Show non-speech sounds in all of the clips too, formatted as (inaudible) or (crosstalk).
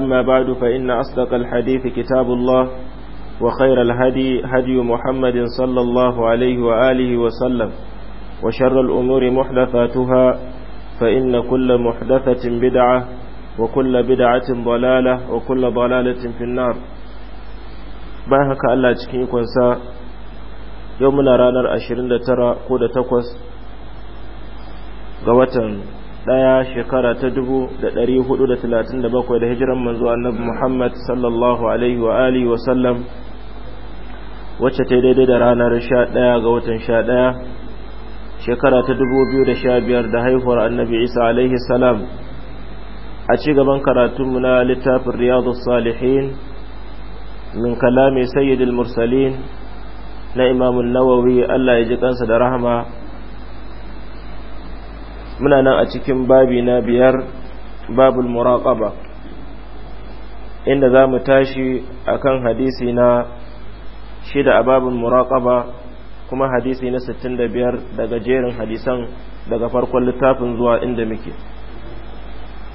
أما بعد فإن أصدق الحديث كتاب الله وخير الهدي هدي محمد صلى الله عليه وآله وسلم وشر الأمور محدثاتها فإن كل محدثة بدعة وكل بدعة ضلالة وكل ضلالة في النار باهك ألا تكين كونسا يومنا رانر أشرين ترى قودة تقوس قوة ɗaya shekara ta dubu da ɗari hudu da talatin da bakwai da hijiran manzo annabi Muhammad sallallahu alaihi wa alihi wa sallam wacce ta daidai da ranar sha ɗaya ga watan sha ɗaya shekara ta dubu biyu da sha biyar da haihuwar annabi Isa alaihi salam a ci gaban karatunmu na littafin riyadu salihin min kalami sayyidil mursalin na imamun nawawi Allah ya ji kansa da rahama muna nan a cikin babi na biyar babul muraqaba inda za mu tashi akan hadisi na shida a babul muraqaba kuma hadisi na 65 daga jerin hadisan daga farkon littafin zuwa inda muke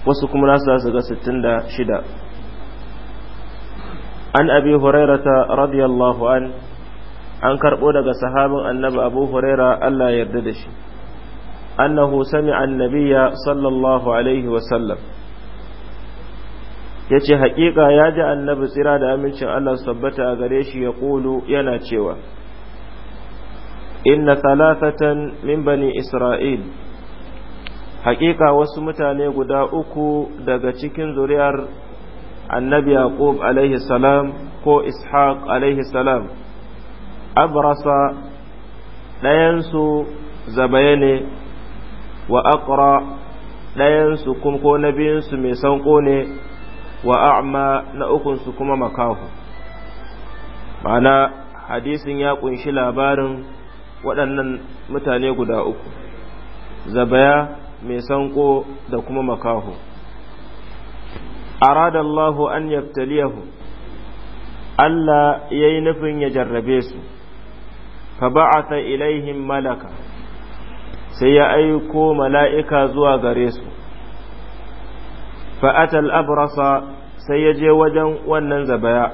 wasu kuma nasu za su ga 66 an abi hurairata radiyallahu an an karɓo daga sahabin annabi abu huraira Allah yarda da shi أنه سمع النبي صلى الله عليه وسلم yace haƙiƙa ya ji annabi tsira da amincin Allah su tabbata a gare shi ya ƙulu yana cewa inna thalathatan min bani isra'il haƙiƙa wasu mutane guda uku daga cikin zuriyar annabi yaqub alaihi salam ko ishaq alaihi salam abrasa ɗayansu zabaye ne wa aqra ɗayansu kuma ko na biyunsu mai sanko ne wa a'ma na ukunsu kuma makahu ma'ana hadisin ya ƙunshi labarin waɗannan mutane guda uku zabaya mai sanko da kuma makahu Aradallahu an yabtaliyahu Allah yayi nufin ya jarrabe su fa ba'atha ilaihim malaka sai ya aiko mala'ika zuwa gare su fa'atal abrasa sai ya je wajen wannan zabaya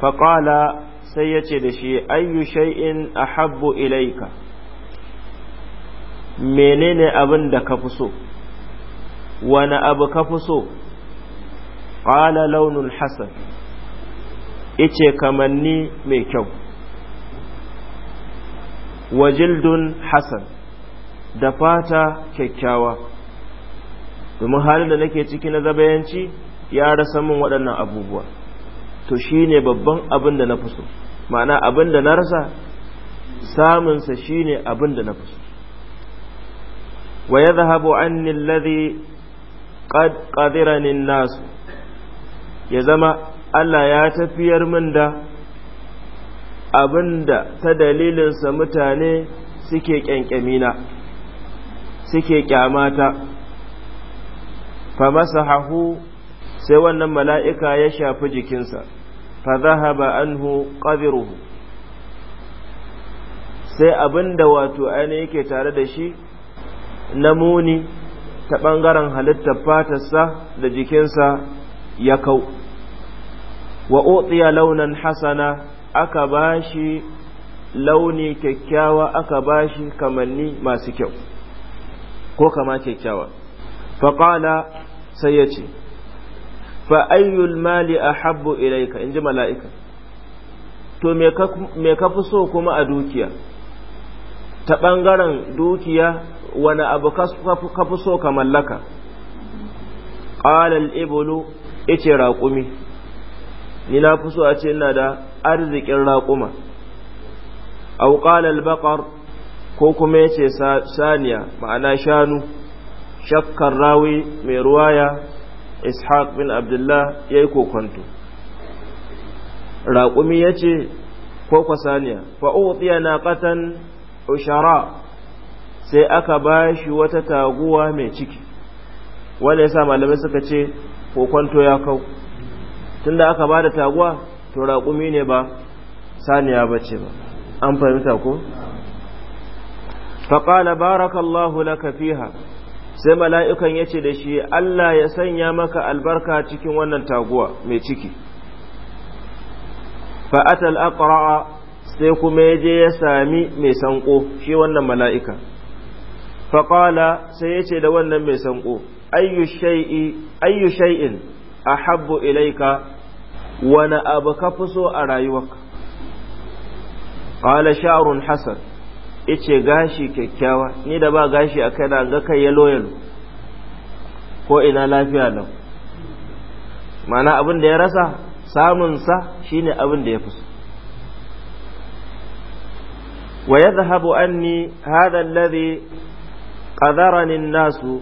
faƙala sai ya ce da shi ayyu shay'in a habbo ilaika menene abin da ka fi so wani abu ka fi so ƙala launin Hassan. ice kamanni mai kyau wajildun Hassan. da fata kyakkyawa domin halin da nake ciki na zabayanci ya rasa min waɗannan abubuwa to shine babban abin da na fi ma'ana abin da na rasa samunsa shine abin da na fi so wa ya zahabu anni alladhi ƙadiranin nasu ya zama Allah ya tafiyar min da abin da ta dalilinsa mutane suke ƙyanƙyamina suke kyamata fa masahahu sai wannan mala'ika ya shafi jikinsa fa zahaba anhu qadruhu sai abinda wato aini yake tare da shi na muni ta ɓangaren halittar fatarsa da jikinsa ya kau wa otsiya launan hasana aka shi launi kyakkyawa aka ba shi kamanni masu kyau ko kama kyakkyawa faƙala sai ya ce fa'ayyul mali a habbo ilaika in ji mala'ika to me ka fi so kuma a dukiya ta ɓangaren dukiya wani abu ka fi so ka mallaka ƙalal ibulu ice raƙumi ni na fi so a ce ina da arzikin raƙuma au ƙalal baƙar ko kuma ya saniya ma'ana shanu shakkar rawi mai ruwaya ishaq bin abdullah ya yi kokonto raƙumi ya ce koko saniya fa'uɗiya na ƙatan ushara sai aka ba shi wata taguwa mai ciki wanda ya sa malamai suka ce kokonto ya kau tunda aka ba da taguwa to raƙumi ne ba saniya bace ba an fahimta ko? faƙala barakallahu na kafiha sai mala'ikan ya ce da shi Allah ya sanya maka albarka cikin wannan taguwa mai ciki fa'atal aqra'a sai kuma ya je ya sami mai sanko shi wannan mala'ika faƙala sai ya ce da wannan mai sanko ayyu shay'in a habbu ilaika wani abu ka fi so a rayuwarka ƙala sha'arun hasan ice gashi kyakkyawa ni da ba gashi a kaina ga kai yalo yalo ko ina lafiya lau mana abin da ya rasa samun sa shine abin da ya fi wa yadhhabu anni hadha alladhi qadarani an-nasu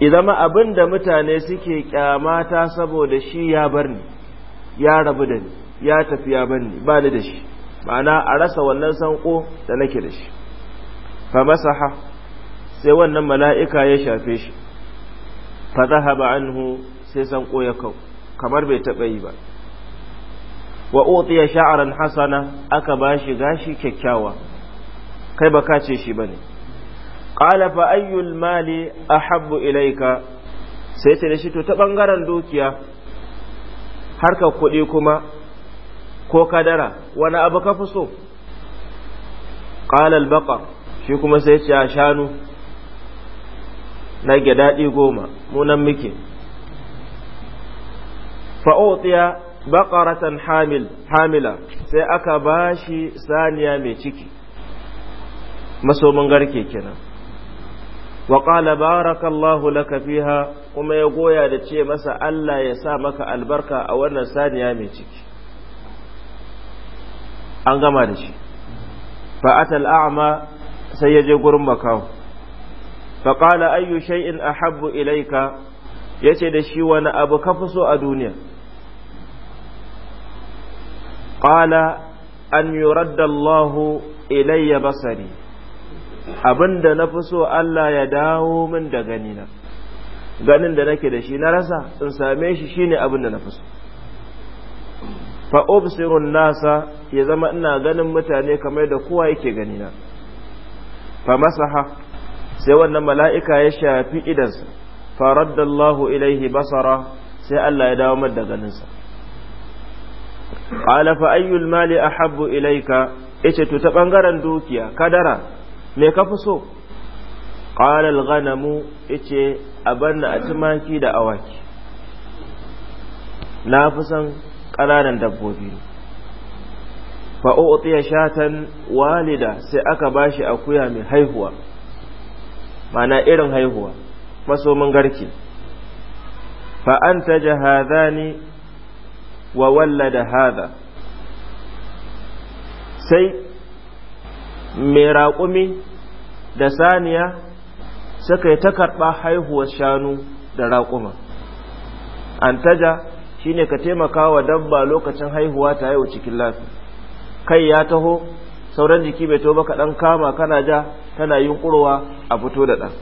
idan abin da mutane suke kyamata saboda shi ya bar ya rabu da ni ya tafi ya bar ni ba ni da shi ma'ana a rasa wannan sanko da nake da shi fa masaha sai wannan mala'ika ya shafe shi fa zahaba anhu sai sanko ya kau kamar bai taɓa yi ba wa utiya sha'ran hasana aka shi gashi kyakkyawa kai ba ka ce shi bane qala fa ayyul mali ahabbu ilayka sai ta da shi to ta bangaren dukiya harkar kuɗi kuma ko kadara wani abu ka fi so ƙalal baƙar shi kuma sai ce a shanu na daɗi goma munan muke fa'otiya baƙaratan hamila sai aka ba shi saniya mai ciki masomin garke kenan wa ƙala barakallahu laka fiha kuma ya goya da ce masa Allah ya sa maka albarka a wannan saniya mai ciki an gama da shi fa'atal a'ma sai ya je gurin makaho faƙala ayyu shay'in ahabbu ilaika yace da shi wani abu kafi so a duniya ƙala an yuradda Allahu ilayya basari abinda na fi so Allah ya dawo min da ganina ganin da nake da shi na rasa in same shi shine abin na fi so fa nasa ya zama ina ganin mutane kamar da kowa yake gani na fa masaha sai wannan mala'ika ya shafi idansa fa raddallahu ilaihi basara sai Allah ya dawo da ganinsa qala fa ayyul mali ahabbu ilaika yace to ta bangaren dukiya kadara me ka fi so qala al-ghanamu yace abanna atimaki da awaki na fi san ƙananan dabbobi fa u'tiya shatan walida sai aka bashi akuya mai haihuwa mana irin haihuwa masomin garke fa antaja hadhani wa wallada hadha sai mai raƙumi da saniya suka yi ta karɓa haihuwar shanu da raƙuma antaja shi ne ka taimaka wa dabba lokacin haihuwa ta haihu cikin lafiya kai ya taho sauran jiki bai to ba ka kama kana ja tana yunkurwa a fito da ɗan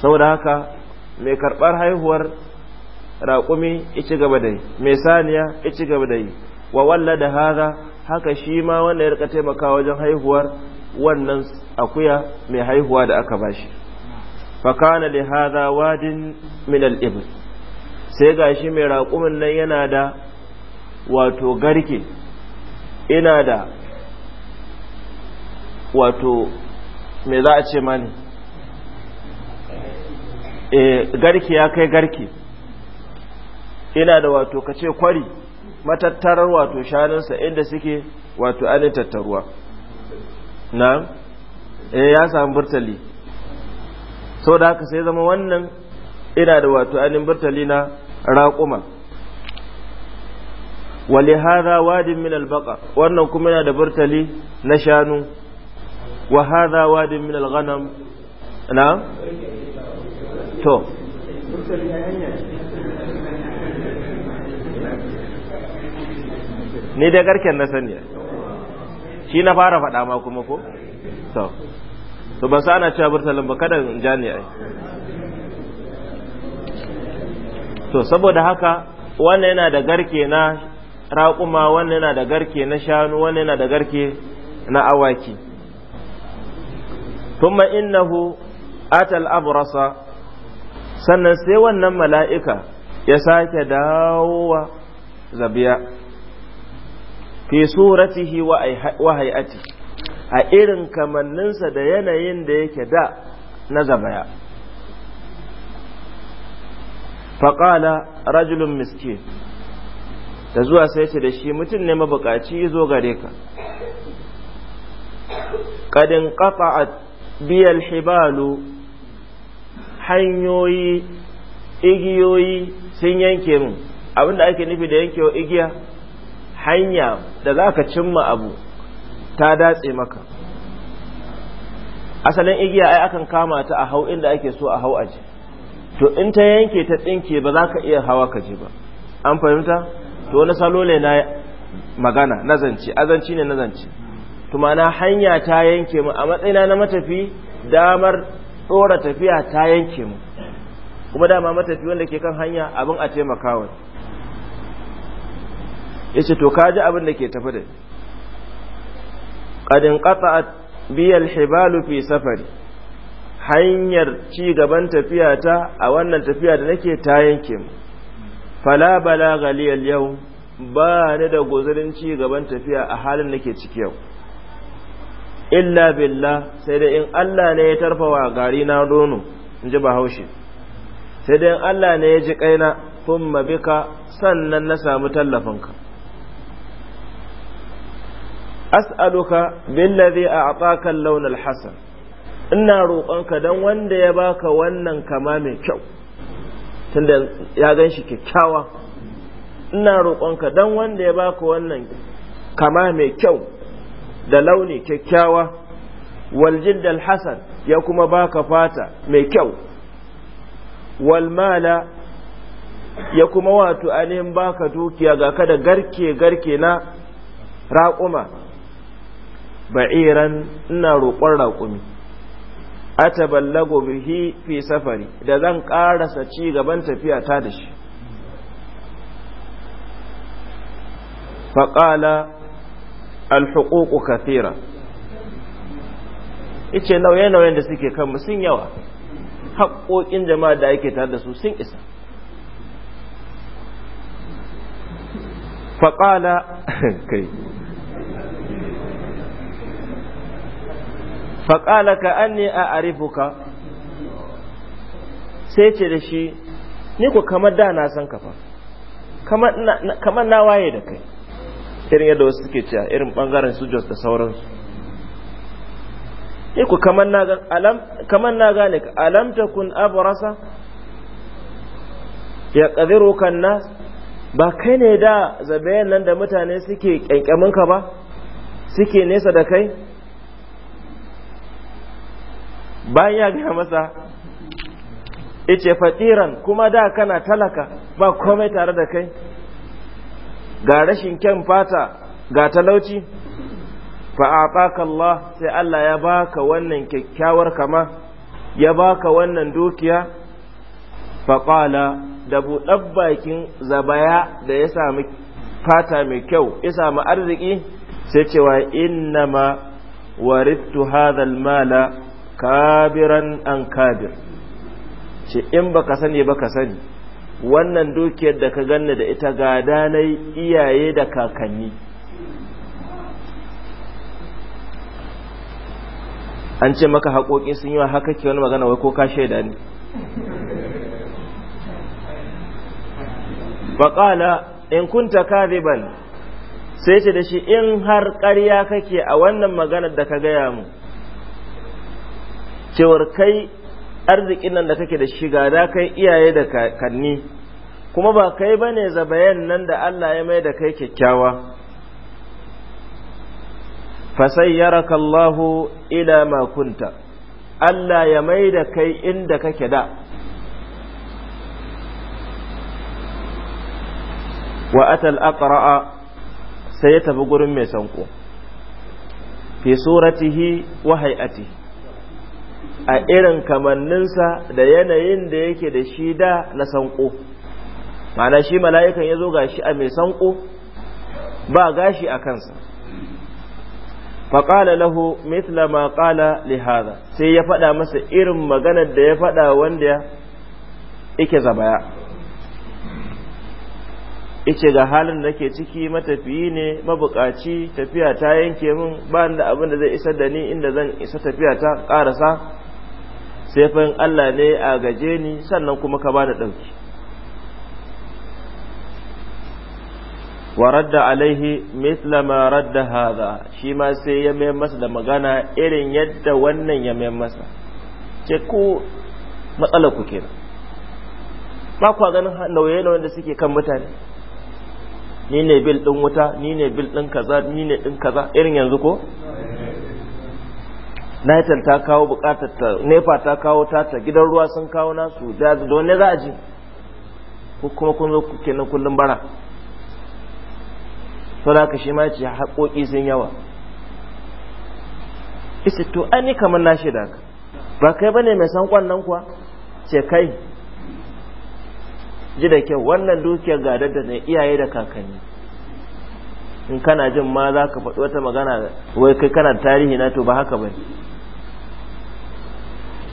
saboda haka mai karɓar haihuwar raƙumi ici gaba da yi mai saniya ici gaba da yi wa walla da haza haka shi ma wanda ya rika taimaka wajen haihuwar wannan akuya mai haihuwa da aka bashi fakana li haza wadin min al sai gashi mai raƙumin nan yana da wato garke ina da wato me za a ce mani e, garke ya kai garke ina da wato kace kwari matattarar wato shanunsa inda suke wato an tattaruwa na e, eh, ya samu burtali sau da haka sai zama wannan ina da wato ainihin burtali na raƙuma wali haza wadin min albaƙa, wannan kuma yana da burtali na shanu wa haza wadin min alghanam na to ni da garken na sani shi na fara faɗa ma kuma ko to ba sa ana cewa burtalin ba kada in ja ni ai to saboda haka wannan yana da garke na raƙuma wannan yana da garke na shanu wannan yana da garke na awaki kuma innahu atal abrasa sannan sai wannan mala'ika ya sake dawowa zabiya fi suratihi wa hay'ati a irin kamanninsa da yanayin da yake da na zabaya faƙala rajulun miskin da zuwa sai ce da shi mutum ne mabukaci zo gare ka ƙadin ƙafa a biyar hibalu hanyoyi igiyoyi sun yanke mu abinda ake nufi da yankewa igiya hanya da za ka cimma abu ta datse maka asalin igiya ai akan kama ta a hau inda ake so a hau aji to in ta yanke ta tsinke ba za ka iya hawa ka ji ba an fahimta to wani salo na magana na azanci ne na zance to mana hanya ta yanke mu a matsayina na matafi damar tsora tafiya ta yanke mu kuma dama matafi wanda ke kan hanya abin a taimaka wa yace to kaji abin da ke tafi da qad inqata'at biyal hibalu fi safari hanyar ci gaban tafiya ta a wannan tafiya da nake ta yanke fala bala galiyal yau ba ni da guzurin ci gaban tafiya a halin nake ciki yau illa billah sai da in Allah ne ya tarfawa gari na nono in ji bahaushe sai da in Allah ne ya ji kaina thumma bika sannan na samu tallafinka as'aluka billazi a'taka al-lawn al-hasan ina roƙonka don wanda ya baka wannan kama mai kyau tunda ya gan shi kyakkyawa ina roƙonka don wanda ya baka wannan kama mai kyau da launi kyakkyawa waljindal hasan ya kuma baka fata mai kyau walmala ya kuma wato ainihin baka dukiya ga kada garke-garke na raƙuma ba'iran ina roƙon raƙumi ataballagu bihi fi safari da zan karasa ci gaban tafiya ta da shi faƙala alhuququ kathira ice nauye-nauyen da suke kanmu sun yawa haƙoƙin jama'a da ake tare da su sun isa faƙala (laughs) kai faƙala ka an ne a arifuka sai ce da shi ni ku kamar da na san kafa kamar na waye da kai irin yadda wasu suke cewa irin ɓangaren su jos da sauransu ni ku kamar na gane ka alamta kun rasa ya ƙadiru kan nas ba kai ne da zabe nan da mutane suke ƙyanƙyaminka ba suke nesa da kai bayan ya gaya masa ice fatiran kuma da kana talaka ba komai tare da kai ga rashin kyan fata ga talauci fa'aɓaka Allah sai Allah ya baka wannan kyakkyawar kama ya baka wannan dukiya faƙala da buɗar bakin zabaya da ya sami fata mai kyau ya sami arziki sai cewa innama warittu hadhal mala kabiran an kabir ce in ba ka sani ba ka sani wannan dukiyar da ka ganna da ita ga danai iyaye da kakanni an ce maka haƙoƙi sun yi wa haka ke wani magana wai ko ka shaida ne faƙala in kunta kadiban sai ce da shi in har ƙarya kake a wannan maganar da ka gaya mu cewar kai arzikin nan da kake da shiga da kai iyaye da kanni kuma ba kai ba ne zabayan nan da Allah ya mai da kai kyakkyawa fasayyaraka Allahu ila ma kunta Allah ya mai da kai inda kake da wa atal aqra'a sai ya tafi gurin mai sanko fi suratihi wa hay'atihi a irin kamanninsa da yanayin da yake da shi da na sanko mana shi mala'ikan ya zo gashi a mai sanko ba gashi a kansa faƙala lahu mitla ma ƙala lihada sai ya faɗa masa irin maganar da ya faɗa wanda ya ike zabaya ice ga halin da ke ciki matafiyi ne mabuƙaci tafiya ta yanke mun ba da abin da zai isar da ni inda zan isa tafiya ta ƙarasa sai fa in Allah ne a gaje ni sannan kuma ka bani dauki wa radda alaihi mithla ma radda hadha shi ma sai ya mai masa da magana irin yadda wannan ya mai masa ce ku matsala ku kenan ba kwa ganin nauye na da suke kan mutane ni ne bil din wuta ni ne bil din kaza ni ne din kaza irin yanzu ko nitel ta kawo bukatar ta nefa ta kawo tata gidan ruwa sun kawo nasu da wanne za a ji ko kuma kun zo kuke kullum bara saboda shi ma ce haƙoƙi sun yawa isa to an yi kamar na shaida ka ba kai ba ne mai san kwannan kuwa ce kai ji da kyau wannan dukiyar gada da ne iyaye da kakanni in kana jin ma za ka faɗi wata magana wai kai kana tarihi na to ba haka ba ne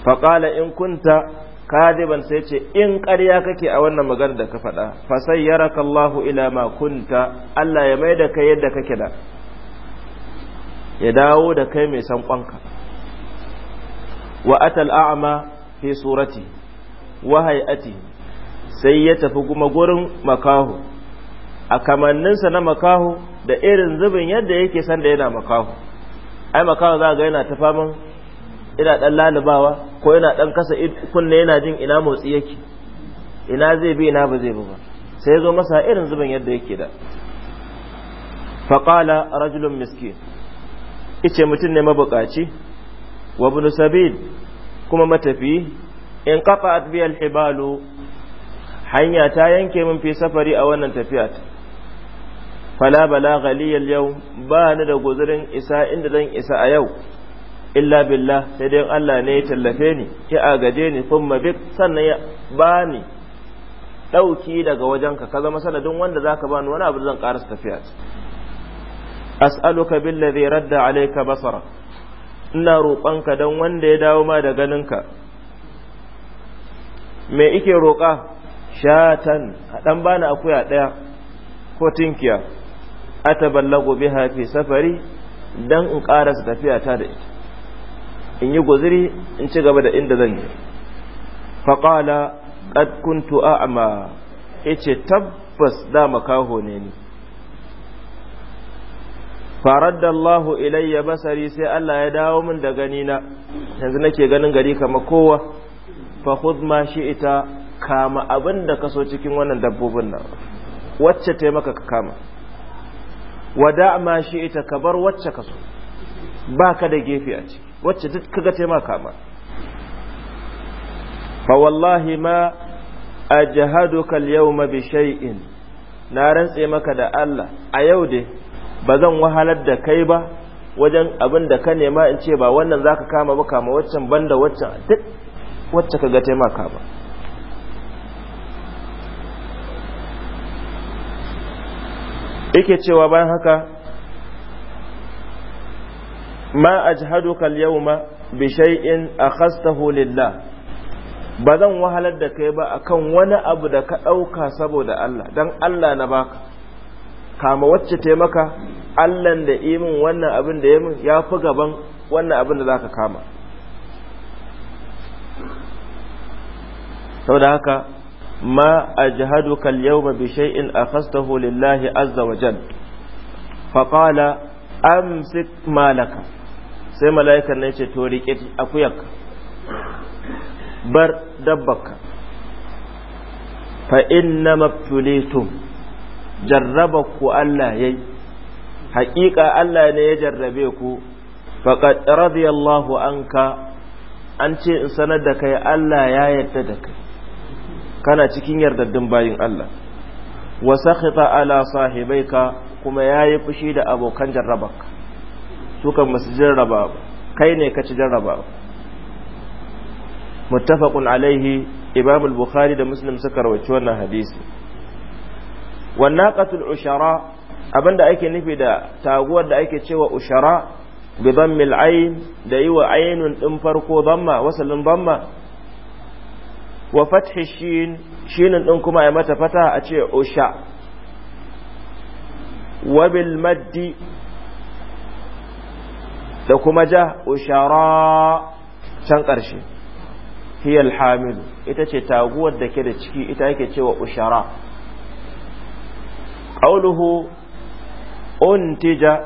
faƙala in kunta kadiban sai ce in ƙarya kake a wannan magana da ka faɗa fasayyaraka Allahu ila ma kunta Allah ya mai da kai yadda kake da ya dawo da kai mai san kwanka wa atal a'ma fi surati wa hay'ati sai ya tafi kuma gurin makahu a kamanninsa na makahu da irin zubin yadda yake san da yana makahu ai makahu za ga yana ta faman ina dan lalubawa ko yana dan kasa kunne yana jin ina motsi yake ina zai bi ina ba zai bi ba sai ya zo masa irin zuban yadda yake da faƙala rajulun miskin ice mutum ne mabukaci wa ibn sabil kuma matafi in qata'at bi al-hibalu hanya ta yanke min fi safari a wannan tafiya fala bala galiyar yau ba ni da guzurin isa inda zan isa a yau illa billah sai dai Allah ne ya tallafe ni ya agaje ni kuma bi sannan ya bani dauki daga wajenka ka zama sanadin wanda zaka bani wani abu zan karasa tafiya as'aluka billadhi radda alayka basara ina roƙonka dan wanda ya dawo ma da ganinka me ike roƙa shatan a dan bani akuya daya ko tinkiya ataballagu biha fi safari dan in karasa tafiya ta da ita in yi guziri in ci gaba da inda zan yi faƙala ƙad kuntu amma ya ce tabbas da makaho ne ni faradda Allahu ilayya basari sai Allah ya dawo min da ganina yanzu nake ganin gari kama kowa fa khudh ma ita kama abin da so cikin wannan dabbobin nan wacce taimaka ka kama wada ma ita ka bar wacce so. ba ka da gefe a ciki wacce duk kaga taimaka ma fa wallahi ma ajhaduka al-yawma bi shay'in na rantse maka da Allah a yau dai ba zan wahalar da kai ba wajen abin da ka nema in ce ba wannan zaka kama ba kama waccan banda waccan duk wacce kaga taimaka ba yake cewa bayan haka ma ajhaduka al-yawma bi shay'in akhastahu lillah ba zan wahalar da kai ba akan wani abu da ka ɗauka saboda Allah dan Allah na baka kama wacce taimaka Allah da imin wannan abin da yamin ya fi gaban wannan abin da zaka kama saboda haka ma ajhaduka al-yawma bi shay'in akhastahu lillahi azza wa jalla فقال أمسك مالك sai mala'ikan nan ce to rike akuyak bar dabbaka fa inna mabtulitum jarraba ku Allah yayi haƙiƙa Allah ne ya jarrabe ku faqad radiyallahu anka an ce in sanar da kai Allah ya yarda da kai kana cikin yardaddin bayin Allah wa sakhita ala sahibaika kuma yayi fushi da abokan jarrabaka su masu jarraba kai ne ka ci jarraba muttafaqun alaihi imam al-bukhari da muslim suka rawaci wannan hadisi wannaqatul ushara abinda ake nufi da taguwar da ake cewa ushara bi dhammil ayn da yiwa aynun din farko dhamma wasalin dhamma wa fathi shin shinin din kuma ya mata fata a ce usha wa bil maddi da kuma ja ushara can ƙarshe hiyal hamilu ita ce taguwar da ke da ciki ita yake cewa ushara ƙauluhu untija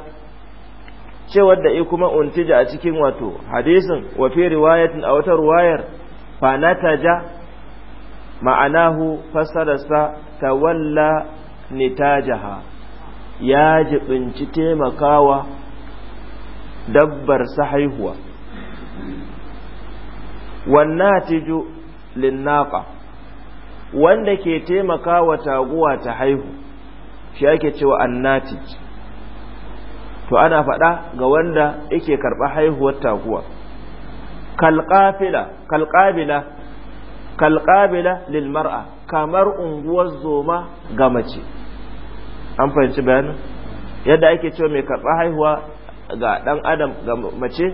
cewar da kuma untija a cikin wato hadisin wa fi riwayatin a wata ruwayar fanataja ma'anahu fassararsa tawalla nitajaha ya jibinci taimakawa dabbar sa haihuwa wannatiju linnaqa wanda ke taimaka wa taguwa ta haihu shi ake cewa annatij to ana faɗa ga wanda yake karɓa haihuwar taguwa kalqafila kalqabila kalqabila lil kamar unguwar zoma ga mace an fahimci bayanin yadda ake cewa mai karɓa haihuwa ga dan adam ga mace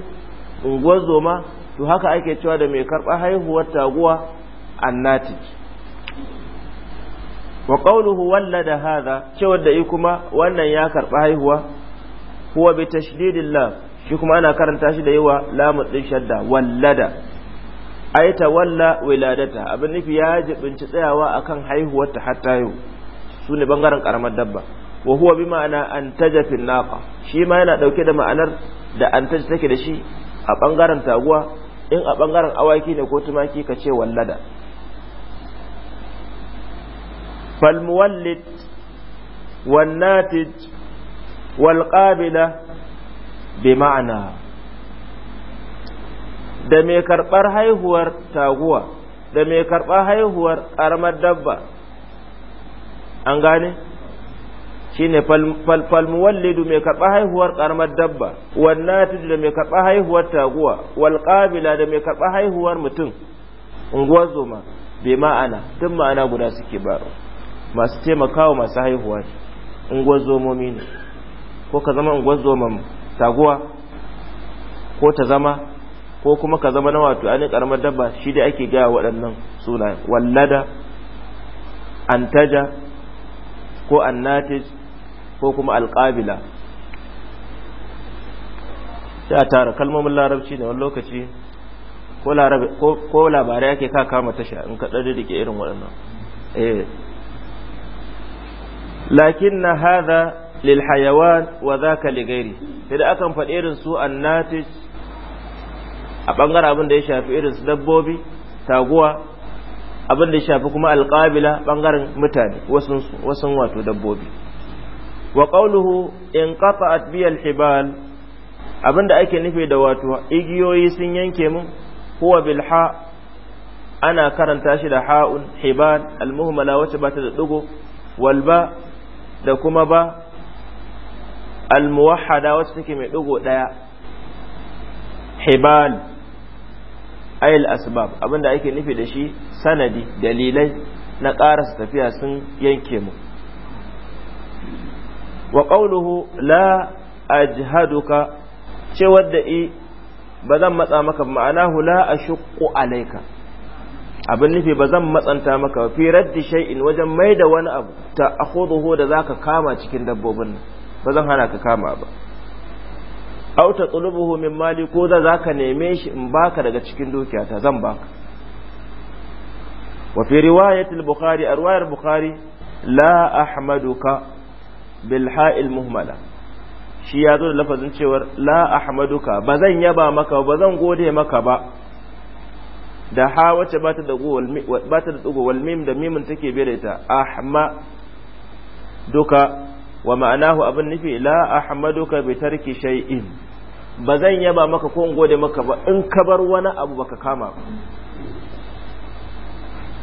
unguwar zoma to haka ake cewa da mai karɓar haihuwar taguwa annati wa qawluhu wallada hadha cewa da yi kuma wannan ya karɓa haihuwa huwa bi tashdidillah shi kuma ana karanta shi da yawa lamun din shadda wallada ai walla wiladata abin nufi ya jibinci tsayawa akan haihuwar ta hatta yau su ne bangaren karamar dabba wa huwa bi ma'ana antaja fil naqa shi ma yana dauke da ma'anar da antaja take da shi a bangaren taguwa in a bangaren awaki ne ko tumaki ka ce wallada fal muwallid wan natij wal qabila bi ma'ana da mai karbar haihuwar taguwa da mai karbar haihuwar karamar dabba an gane shine falfal muwallidu mai karɓa haihuwar karamar dabba wannati natiju da mai karɓa haihuwar taguwa wal qabila da mai karɓa haihuwar mutum unguwar zoma bai ma'ana duk ma'ana guda suke ba masu taimakawa masu haihuwa ne unguwar zomomi ne ko ka zama unguwar zoman taguwa ko ta zama ko kuma ka zama na wato ainihin karamar dabba shi da ake gaya waɗannan sunayen wallada antaja ko annatis ko kuma alƙabila sai a tara kalmomin larabci da wani lokaci ko labarai ake ka kama tasha in kaɗa da ke irin waɗannan eh lakin na haza lilhayawan wa za ka ligairi sai da akan faɗi irin su annatis a ɓangaren abin da ya shafi irin su dabbobi taguwa abin da ya shafi kuma alƙabila ɓangaren mutane wasu wato dabbobi wa qawluhu in qata'at bi al-hibal abinda ake nufi da wato igiyoyi sun yanke mun huwa bil ha ana karanta shi da ha'un hibal al-muhmala wacce ba ta da dugo wal ba da kuma ba al-muwahhada wacce take mai dugo daya hibal ay al-asbab abinda ake nufi da shi sanadi dalilai na ƙarasa tafiya sun yanke mu wa qawluhu la ajhaduka ce wadda i ba zan matsa maka ma'anahu la ashqu alayka abin nufi ba zan matsanta maka fi raddi shay'in wajen mai da wani abu ta akhuduhu da zaka kama cikin dabbobin ba zan hana ka kama ba aw ta tsulubuhu min mali ko da zaka neme shi in baka daga cikin dukiyata zan baka wa fi riwayat al-bukhari arwayar bukhari la ahmaduka bilha'il muhmala shi ya zo da lafazin cewar la ahmaduka ba zan yaba maka ba zan gode maka ba da ha wacce ba ta da tsugo wal mim da mimin take bere ta ahma duka wa ma'anahu abin nufi la ahmaduka bi tarki shay'in ba zan yaba maka ko in gode maka ba in ka bar wani abu baka kama ba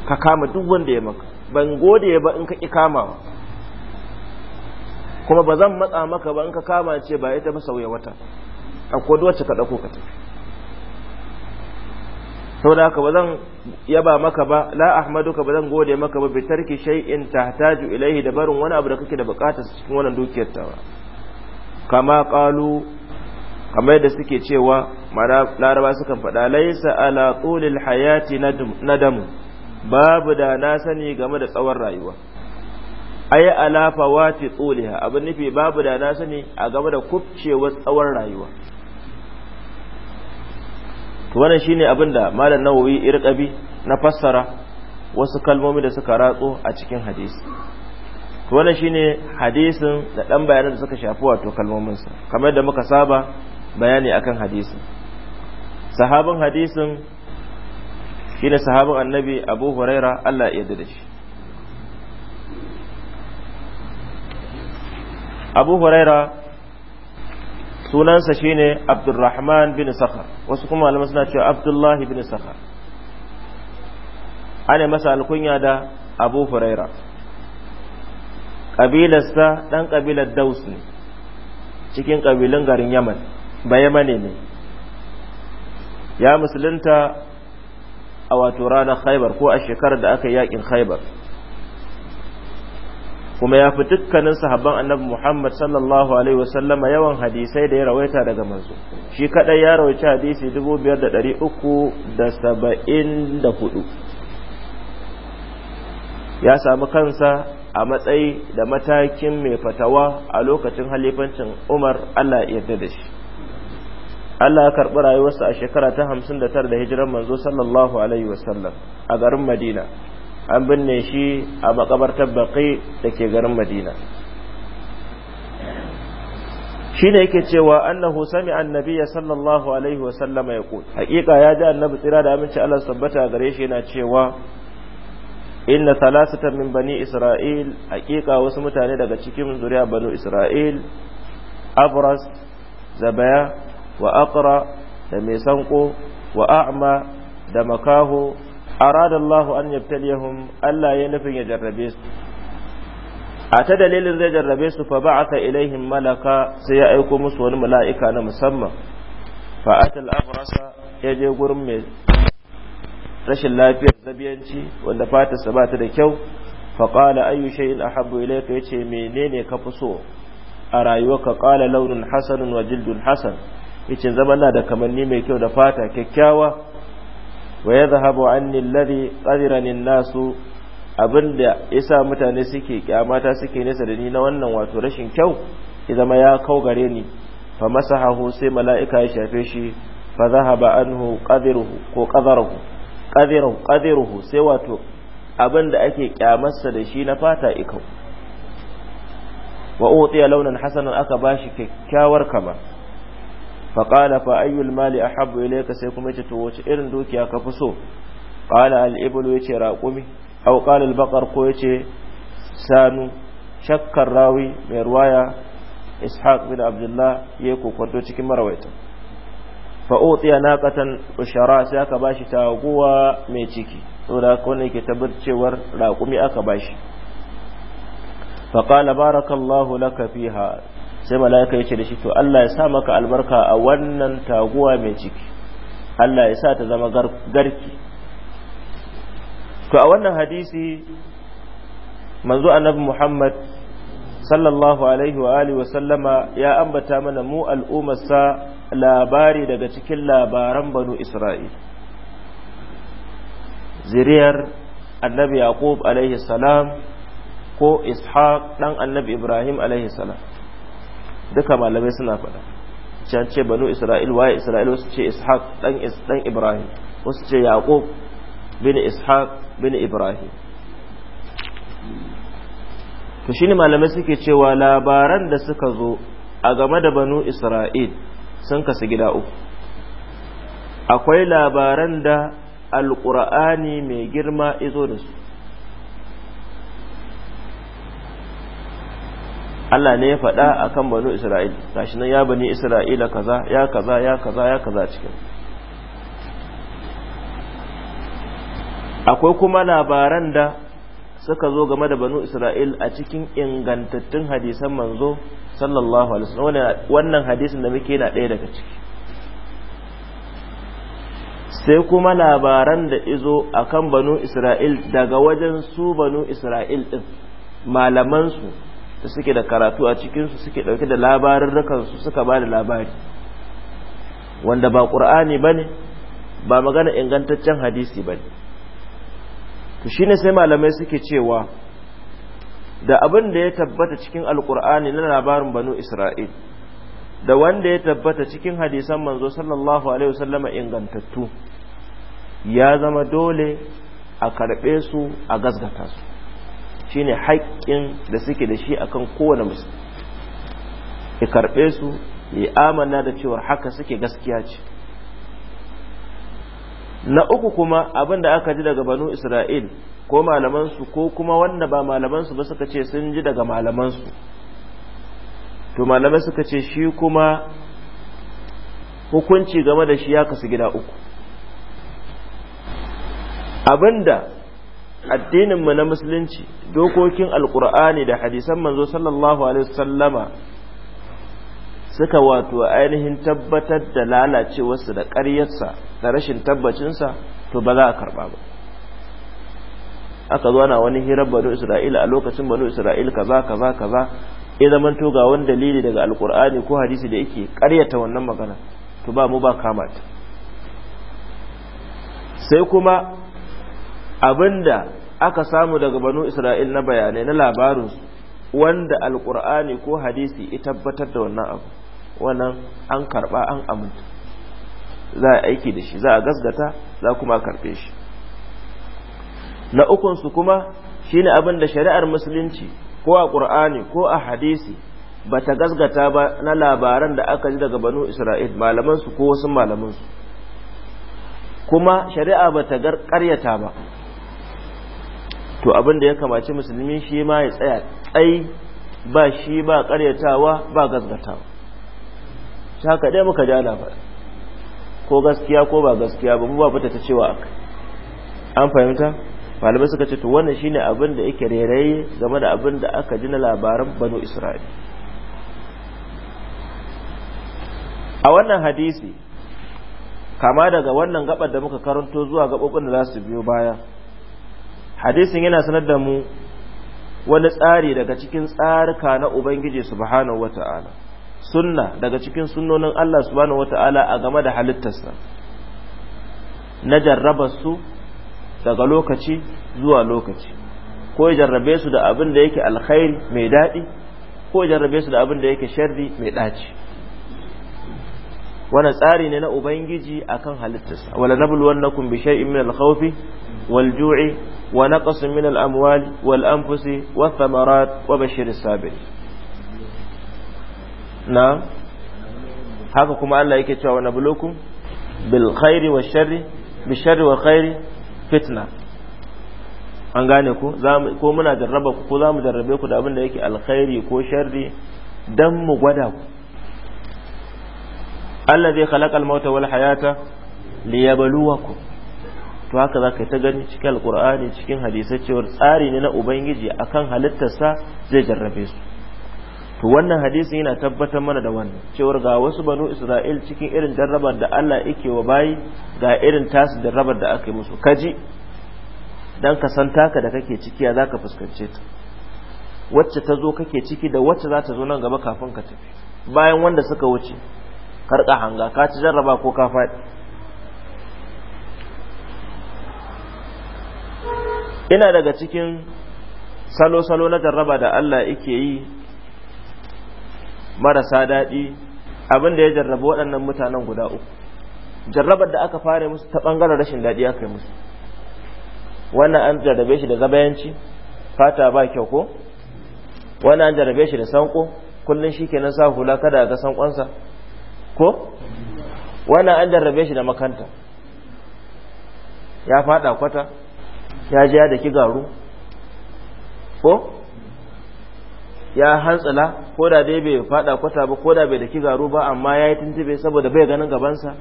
ka kama duk wanda ya maka ban gode ba in ka ki kama kuma ba zan matsa maka ba in ka kama ce ba ita ba sauya wata akwai wacce ka ɗauko ka tafi saboda haka ba zan yaba maka ba la ka ba zan gode maka ba bi tarki shay'in tahtaju ilaihi da barin wani abu da kake da bukatar cikin wannan dukiyar ba, kama qalu kamar yadda suke cewa laraba sukan faɗa laisa ala tulil hayati nadamu babu da na sani game da tsawon rayuwa ayi ala fawati tsuliha abin nufi babu da na sani a game da kubcewar tsawon rayuwa to wannan shine abin malam nawawi irqabi na fassara wasu kalmomi da suka ratso a cikin hadisi to wannan shine hadisin da dan bayanan da suka shafi wato kalmomin sa kamar da muka saba bayani akan hadisin sahabin hadisin shine sahabin annabi abu huraira Allah ya yarda da shi abu huraira sunansa shine abdurrahman bin sakhar wasu kuma malamai suna cewa abdullahi bin sakhar ana masa alkunya da abu huraira ƙabilarsa ɗan ƙabilar daus ne cikin ƙabilun garin yaman ba ne ya musulunta a wato ranar khaibar ko a shekarar da aka yi yaƙin khaibar kuma ya fi dukkanin sahabban annabi Muhammad sallallahu alaihi wasallam yawan hadisai da ya rawaita daga manzo shi kadai ya rawaita hadisi 5374 ya samu kansa a matsayi da matakin mai fatawa a lokacin halifancin Umar Allah ya yarda da shi Allah ya karɓi rayuwarsa a shekara ta 59 da hijiran manzo sallallahu alaihi wasallam a garin Madina an binne shi a makabartar baƙi da ke garin madina shi ne yake cewa annahu sami annabiya sallallahu alaihi wasallama ya ƙo hakika ya ji annabi tsira da aminci allah sabbata gare shi yana cewa inna talasatan min bani isra'il hakika wasu mutane daga cikin zuriya banu isra'il abras zabaya wa aqra da mai sanko wa a'ma da makaho Aradallahu Allah an yabtaliyahum Allah ya nufin ya jarrabe su a ta dalilin zai jarrabe su fa ba'atha ilaihim malaka sai ya aiko musu wani mala'ika na musamman fa atal abrasa ya je gurin mai rashin lafiyar zabiyanci wanda fata su bata da kyau fa qala ayyu shay'in ahabbu ilayka yace menene ka fi so a rayuwarka qala launun hasanun wa jildun hasan yace zama na da kamanni mai kyau da fata kyakkyawa wa zahabu anni lari qadirani an-nasu ya sa mutane suke kyamata suke nesa da ni na wannan wato rashin kyau ya zama ya kau gare ni fa masahahu sai mala'ika ya shafe shi fa zahaba anhu qadiruhu ko qadaruhu qadiruhu qadiruhu sai wato abin da ake kyamarsa da shi na fata ikau wa utiya launan hasanan aka bashi kyakkyawar kamar. فقال فأي المال أحب إليك سيكم يتتوش إرن دوكيا كفسو قال الإبل يتي راقمي أو قال البقر قو يتي سانو شك الراوي من رواية إسحاق بن عبد الله يكو كنتو تكي مرويتا فأوطي ناقة وشراء ساك باشي تاغوى ميتيكي ولا كوني كتبر تشور راقمي أكباشي فقال بارك الله لك فيها sai mala'ika yace da shi to Allah ya sa maka albarka a wannan taguwa mai ciki Allah ya sa ta zama garki to a wannan hadisi manzo annabi Muhammad sallallahu alaihi wa alihi wa sallama ya ambata mana mu al'umarsa labari daga cikin labaran banu Isra'il. Ziriyar annabi Yaqub alaihi salam ko Ishaq ɗan annabi Ibrahim alaihi salam. duka malamai suna faɗa can ce banu isra'il waye isra'il wasu ce ishaq dan dan ibrahim wasu ce yaqub bin ishaq bin ibrahim to shine malamai suke cewa labaran da suka zo a game da banu isra'il sun kasu gida uku akwai labaran da alqur'ani mai girma izo da su Allah ne ya faɗa akan banu Isra'il gashi nan ya bani Isra'ila kaza ya kaza ya kaza ya kaza cikin akwai kuma labaran da suka zo game da banu Isra'il a cikin ingantattun hadisan manzo sallallahu alaihi wasallam wannan hadisin da muke na ɗaya daga ciki sai kuma labaran da izo akan banu Isra'il daga wajen su banu Isra'il ɗin malamansu da suke da karatu a cikinsu suke ɗauke da labarin labarurrukansu suka ba da labari wanda ba ƙur'ani ba ne ba magana ingantaccen hadisi ba ne to shi sai malamai suke cewa da abin da ya tabbata cikin alƙur'ani na labarin banu isra'il da wanda ya tabbata cikin hadisan manzo sallallahu alaihi wasallama ingantattu ya zama dole a karɓe su a gasgata su shine haƙƙin da suke da shi akan kowane musulmi ya karɓe su ya amana da cewa haka suke gaskiya ce na uku kuma abin da aka ji daga banu isra'il ko malamansu ko kuma wanda ba malamansu ba suka ce sun ji daga malamansu to malamai suka ce shi kuma hukunci game da shi ya kasu gida uku abinda addinin mu na musulunci dokokin alqur'ani da hadisan manzo sallallahu alaihi wasallama suka wato ainihin tabbatar da lalacewarsa da ƙaryarsa da rashin tabbacinsa to ba za a karɓa ba aka zo ana wani hirar banu isra'ila a lokacin banu isra'il kaza kaza kaza ya zaman to ga wani dalili daga alkur'ani ko hadisi da yake ƙaryata wannan magana to ba mu ba kama ta sai kuma abinda aka samu daga banu isra'il na bayanai na labarin wanda alkur'ani ko hadisi ya tabbatar da wannan abu wannan an karba an aminta za a aiki da shi za a gasgata za kuma karbe shi na ukunsu kuma shine abin da shari'ar musulunci ko a ƙur'ani ko a hadisi ba ta gasgata ba na labaran da aka ji daga banu isra'il malamansu ko wasu malamansu kuma shari'a ba ta karyata ba to abin da ya kamaci musulmi shi ma ya tsaya tsai ba shi ba karyatawa ba gasgatawa shi haka dai muka ja labar ko gaskiya ko ba gaskiya ba mu ba fita ta cewa aka an fahimta malamai suka ce to wannan shine abin da yake rairaye game da abin da aka ji na labaran banu isra'ila a wannan hadisi kama daga wannan gabar da muka karanto zuwa gabobin da za su biyo baya hadisin yana sanar da mu wani tsari daga cikin tsarika na ubangiji subhanahu wata'ala sunna daga cikin sunnonin Allah subhanahu wata'ala a game da halittarsa na jarrabarsu su daga lokaci zuwa lokaci ko jarrabe su da abin da yake alkhairi mai daɗi ko jarrabe su da abin da yake sharri mai ɗaci wani tsari ne na ubangiji akan halittarsa wala nabluwannakum bi shay'in min al-khawfi والجوع ونقص من الأموال والأنفس والثمرات وبشر السابر نعم حقكم ألا يكتوا ونبلوكم بالخير والشر بالشر bil فتنة wa sharri bi wa fitna an gane ku ko muna jarraba ku ko za mu jarrabe ku da abin da yake alkhairi ko sharri dan mu gwada ku Allah zai khalaqa al-mauta wal hayata liyabluwakum to haka za ka ta gani cikin alkur'ani cikin hadisai cewar tsari ne na ubangiji akan halittarsa zai jarrabe su to wannan hadisin yana tabbatar mana da wannan cewar ga wasu banu isra'il cikin irin jarrabar da Allah yake wa bayi ga irin tasu jarrabar da aka yi musu kaji dan ka san taka da kake ciki ya zaka fuskance ta wacce ta zo kake ciki da wacce za ta zo nan gaba kafin ka tafi bayan wanda suka wuce karka hanga ka ci jarraba ko ka faɗi ina daga cikin salo-salo na jarraba da Allah yake yi marasa daɗi abin da ya jarraba waɗannan mutanen guda uku jarrabar da aka fara musu ta ɓangaren rashin daɗi aka yi musu wannan an jarrabe shi da zabayanci fata ba kyau ko wannan an jarrabe shi da sanko kullum shi kenan sa hula kada ga sankonsa ko wannan an jarrabe shi da makanta ya faɗa kwata ya ja da ki garu ko ya hantsala ko da dai bai fada kwata ba ko da bai da ki garu ba amma ya yi tuntube saboda bai ganin gabansa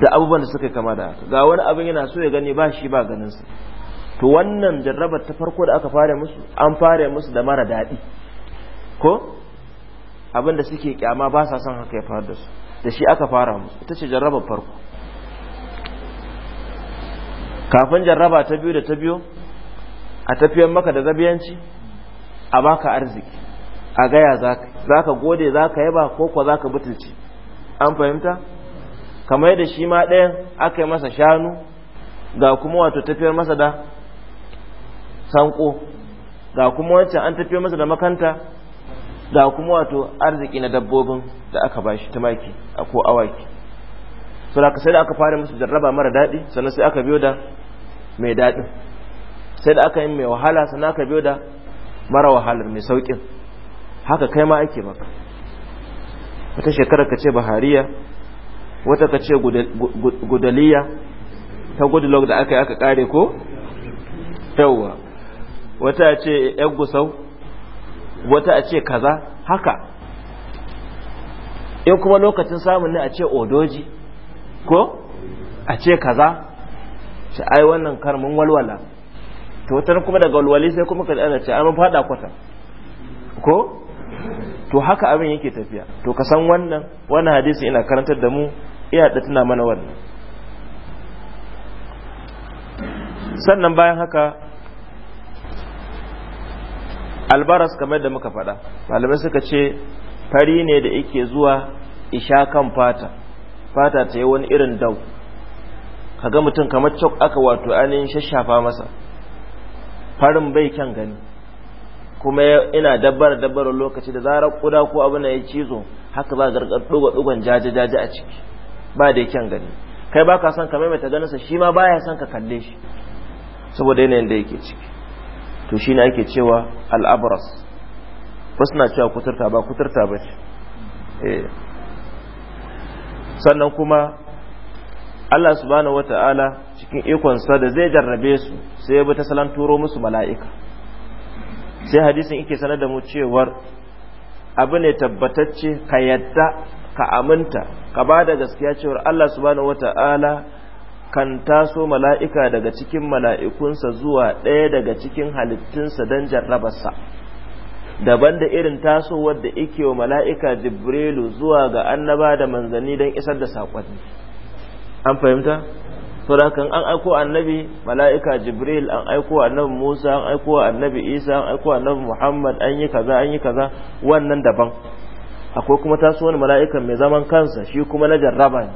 da abubuwan da suka kama da ga wani abin yana so ya gani ba shi ba ganinsa to wannan jarrabar ta farko da aka fara musu an fara musu da mara daɗi ko abin da suke kyama ba sa son haka ya faru da su da shi aka fara musu ita ce jarrabar farko kafin jarraba ta biyu da ta biyu a tafiyar maka da zabiyanci a baka arziki a gaya za ka gode za ka yaba ko kwa za ka butulci an fahimta kamar yadda shi ma ɗayan aka yi masa shanu ga kuma wato tafiyar masa da sanko ga kuma wancan an tafiyar masa da makanta ga kuma wato arziki na dabbobin da aka bashi tumaki ko awaki sai da aka fara musu jarraba mara daɗi sannan sai aka biyo da mai daɗin sai da aka yi mai wahala sana ka biyo da mara wahalar mai sauƙin haka kai ma ake maka wata shekara ka ce bahariya wata ka ce gudaliya ta goodluck da aka yi aka kare ko yawwa wata a ce yan gusau wata a ce kaza haka in kuma lokacin samun ne a ce odoji ko a ce kaza ce ai wannan kar mun walwala to wata kuma daga walwali sai kuma ka ana ce ai mun fada kwata ko to haka abin yake tafiya to ka san wannan wannan hadisi ina karantar da mu iya da tuna mana wannan sannan bayan haka albaras kamar da muka faɗa malamai suka ce fari ne da yake zuwa isha kan fata fata ta yi wani irin dau kaga mutum kamar cok aka wato ainihin shashafa masa farin bai kyan gani kuma ina dabbar dabbarar lokaci da zarar kuda ko abu na ya cizo haka za ga dugo-dugon jaje-jaje a ciki ba da kyan gani kai ba ka son ka maimaita ganinsa shi ma baya son ka kalle shi saboda yanayin da yake ciki to shi ne ake cewa al'abras wasu na cewa kuturta ba kuturta ba ce eh. sannan kuma Allah subhanahu wata'ala cikin ikonsa da zai jarrabe su sai ya bi ta salon turo musu mala'ika sai hadisin yake sanar da mu cewar abu ne tabbatacce ka yadda ka aminta ka ba da gaskiya cewar Allah subhanahu wata'ala kan taso mala'ika daga cikin mala'ikunsa zuwa ɗaya daga cikin halittunsa don jarrabarsa daban da irin tasowar da ike wa mala'ika jibrilu zuwa ga annaba da Manzani don isar da sakonni. an fahimta saurakan an aiko annabi mala'ika jibril an aiko annabi musa an aiko annabi isa an aiko annabi muhammad an yi kaza an yi kaza wannan daban akwai kuma taso wani mala'ika mai zaman kansa shi kuma na jarraba ne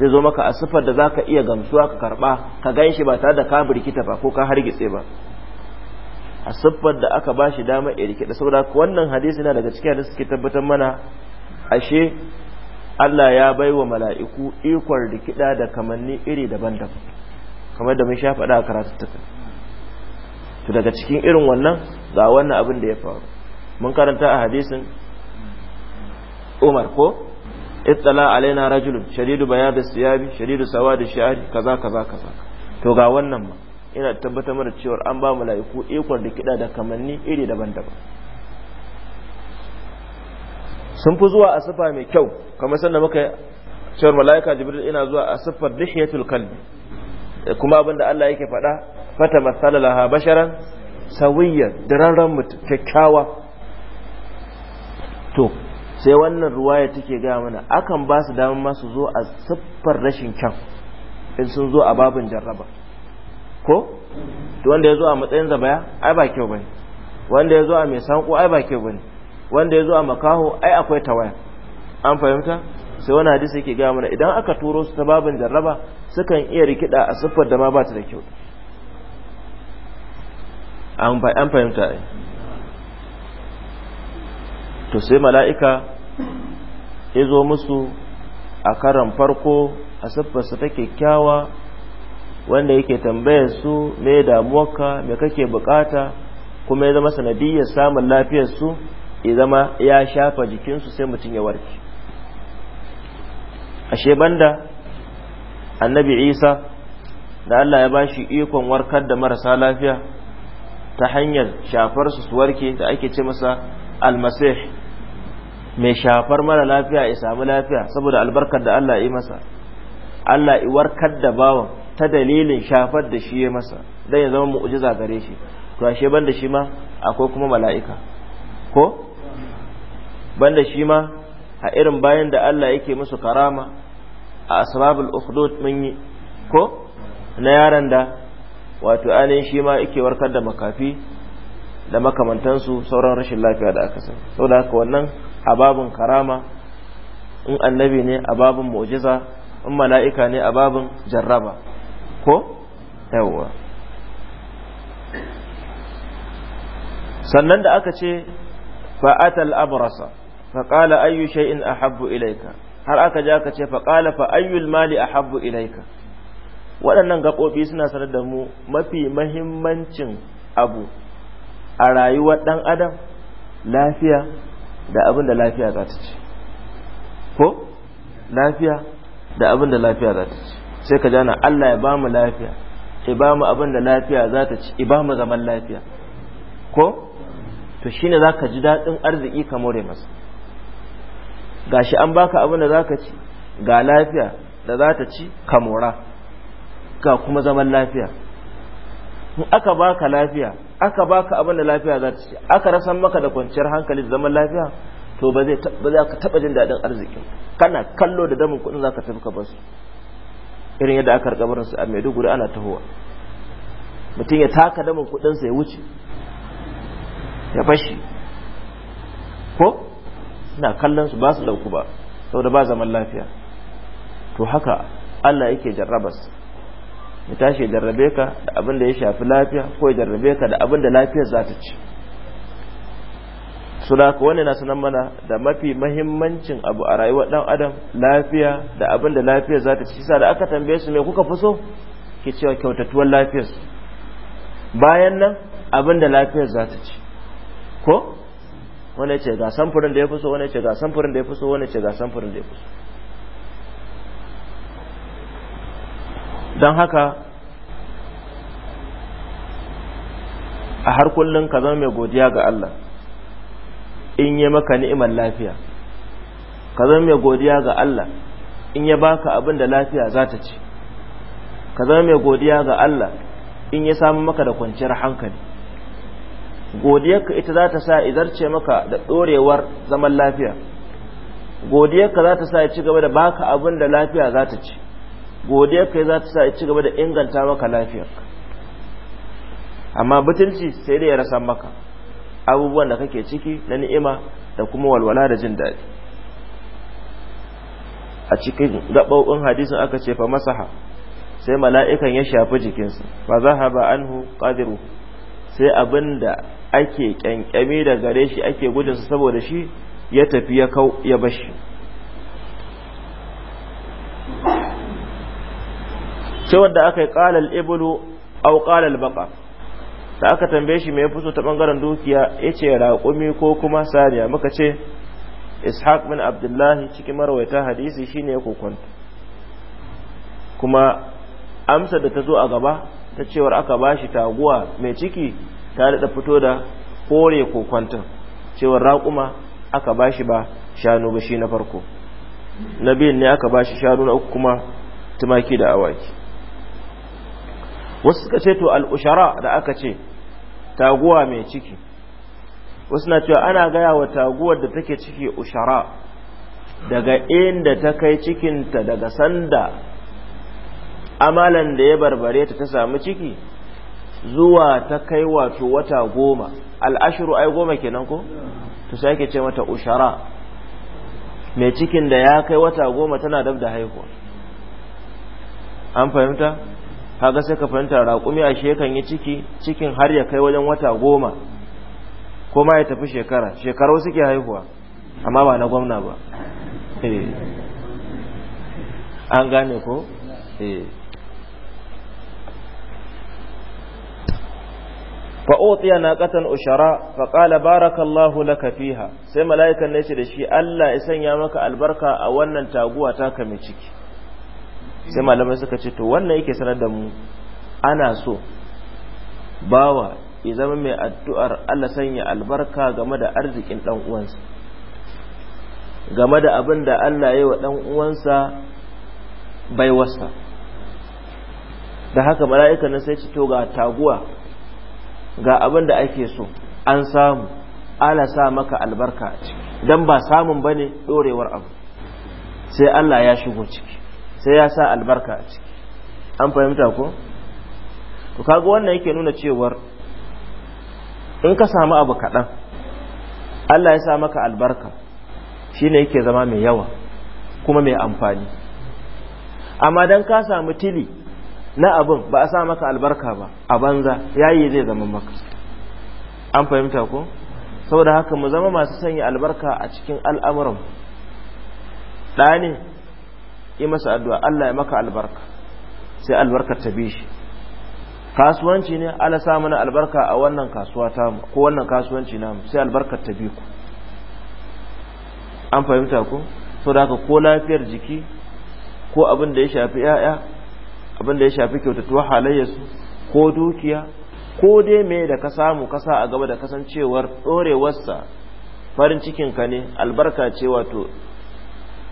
zai zo maka a siffar da zaka iya gamsuwa ka karba ka ganshi ba tare da ka birkita ba ko ka hargitse ba a siffar da aka ba shi dama ya rikida saboda wannan hadisi na daga cikin hadisi suke tabbatar mana ashe Allah ya bai wa mala'iku ikon rikida da kamanni iri daban-daban kamar da mun sha faɗa a karatuttuka to daga cikin irin wannan ga wannan abin da ya faru mun karanta a hadisin Umar ko ittala alaina rajulun shadidu bayad siyabi shadidu da sha'ri kaza kaza kaza to ga wannan ma ina tabbatar mana cewar an ba mala'iku ikon rikida da kamanni iri daban-daban sun fi zuwa a sifa mai kyau kamar sanda muka cewar mala'ika jibril ina zuwa a siffar dihiyatul kalbi eh, kuma abin da Allah yake faɗa fata masala laha basharan sawiyya dararran mutum kyakkyawa to sai wannan ruwaya take gaya mana akan ba su damar masu zo a siffar rashin kyan in sun zo a babin jarraba ko to wanda ya zo a matsayin zabaya ai ba kyau bane wanda ya zo a mai sanko ai ba kyau bane wanda ya zo a makaho ai akwai tawaya an fahimta sai wani hadisi yake gaya mana idan aka turo su ta babin jarraba sukan iya rikida a siffar da ma ba ta da kyau an fahimta ai to sai mala'ika ya zo musu a karan farko a su ta kyakkyawa wanda yake tambayar su da damuwarka me kake bukata kuma ya zama sanadiyar samun lafiyar su. ya zama ya shafa jikinsu sai mutum ya warke ashe banda annabi isa da Allah ya bashi ikon warkar da marasa lafiya ta hanyar shafar su su warke da ake ce masa almasih mai shafar mara lafiya ya sami lafiya saboda albarkar da Allah ya yi masa Allah ya warkar da bawan ta dalilin shafar da shi ya masa don ya zama mu'ujiza gare shi to ashe banda shi ma akwai kuma mala'ika ko banda shi ma a irin bayan da Allah yake musu karama a asbabul ukhdud mun yi ko na yaran da wato anin shi ma yake warkar da makafi da makamantansu sauran rashin lafiya da aka san saboda haka wannan ababun karama in annabi ne ababun mu'jiza in mala'ika ne ababun jarraba ko yawwa sannan da aka ce fa'atal abrasa faƙala ayyu shay'in ahabbu ilaika har aka ja ka ce faƙala fa ayyul mali ahabbu ilaika waɗannan gaɓoɓi suna sanar da mu mafi mahimmancin abu a rayuwar ɗan adam lafiya da abin da lafiya za ta ce ko lafiya da abin da lafiya za ta ce sai ka jana Allah ya ba mu lafiya ya ba mu abin da lafiya za ta ci ya ba mu zaman lafiya ko to shine za ka ji daɗin arziki ka more masa gashi an baka abin da zaka ci ga lafiya da za ta ci ka mora ga kuma zaman lafiya in aka baka lafiya aka baka abin da lafiya za ta ci aka rasan maka da kwanciyar hankali da zaman lafiya to ba zai ba za ka taba jin dadin arzikin kana kallo da damin kudin zaka tafi ka basu irin yadda aka rika barin su a Maiduguri ana tahowa mutum ya taka damin kudin sa ya wuce ya bashi ko suna kallon su ba su dauku ba saboda ba zaman lafiya to haka Allah yake jarrabas ya tashi jarrabe ka da abin da ya shafi lafiya ko ya jarrabe ka da abin da lafiyar za ta ci su da wani na sanar mana da mafi mahimmancin abu a rayuwar dan adam lafiya da abin da lafiyar za ta ci sa da aka tambaye su me kuka fi so ke cewa kyautatuwar lafiyar bayan nan abin da lafiyar za ta ci ko wani ce ga samfurin da ya fi so wani ce ga samfurin da ya fi so wani ce ga samfurin da ya fi so don haka a har kullum ka zama mai godiya ga Allah in yi maka ni'imar lafiya ka zama mai godiya ga Allah in ya baka abin da lafiya za ta ce ka zama mai godiya ga Allah in ya samu maka da kwanciyar hankali godiyarka ita za ta sa izarce maka da ɗorewar zaman lafiya godiyarka za ta sa ya ci gaba da baka abin da lafiya za ta ci godiyarka za ta sa ya ci gaba da inganta maka lafiya amma butulci sai dai ya rasa maka abubuwan da kake ciki na ni'ima da kuma walwala da jin daɗi a cikin gaɓaɓɓun hadisin aka ce fa masaha sai mala'ikan ya shafi jikinsa ba za ha ba anhu ƙadiru sai abin da ake ƙyanƙyami da gare shi ake gudunsa saboda shi ya tafi ya kau ya bashi sai wanda aka yi kalal ibulu au kalal baka ta aka tambaye shi mai fuso ta bangaren dukiya ya ce raƙumi ko kuma saniya muka ce ishaq bin abdullahi cikin marawaita hadisi shine ya kokonta kuma amsa da ta zo a gaba ta cewar aka bashi taguwa mai ciki ta da fito da kore ko kokwantin cewa raƙuma aka bashi ba shanu ba shi na farko na biyun ne aka bashi shanu na uku kuma tumaki da awaki wasu suka ce to al'ushara da aka ce taguwa mai ciki wasu na cewa ana gaya wa taguwar da take ciki ushara daga inda ta kai cikinta daga sanda amalan da ya barbare ta ta samu ciki zuwa ta kai wato wata goma al'ashiru ai goma kenan ko to sai ake ce mata ushara mai cikin da ya kai wata goma tana dab da haihuwa an fahimta kaga sai ka fahimta raƙumi a shekan yi ciki cikin har ya kai wajen wata goma ko ma ya tafi shekara shekaru suke haihuwa amma ba na gwamna ba eh. an gane ko eh. fa'otiya na ƙatan ushara faƙala barakallahu laka fiha sai mala'ikan ne yace da shi Allah ya sanya maka albarka a wannan taguwa ta mai ciki sai malamai suka ce to wannan yake sanar da mu ana so bawa ya zama mai addu'ar Allah sanya albarka game da arzikin ɗan uwansa game da abin da Allah ya yi wa ɗan uwansa baiwarsa da haka mala'ikan sai ce to ga taguwa ga abin da ake so an samu ala sa maka albarka a ciki don ba samun ba ne ɗorewar abu sai Allah ya shigo ciki sai ya sa albarka a ciki an fahimta ko? to kaga wannan yake nuna cewar in ka samu abu kaɗan Allah ya sa maka albarka shine yake zama mai yawa kuma mai amfani amma don ka samu tili na abin ba a sa maka albarka ba a banza yayi zai zama maka an fahimta ko saboda haka mu zama masu sanya albarka a cikin al'amuran ɗa ne yi masa addu'a Allah ya maka albarka sai albarkar ta bi shi kasuwanci ne ala sa mana albarka a wannan kasuwa ta mu ko wannan kasuwanci na sai albarkar ta bi ku an fahimta ku saboda haka ko lafiyar jiki ko abin da ya shafi 'ya'ya abin da ya shafi kyautatuwa halayyarsu ko dukiya ko dai me da ka samu kasa a gaba da kasancewar ɗorewarsa farin cikinka ne albarka ce wato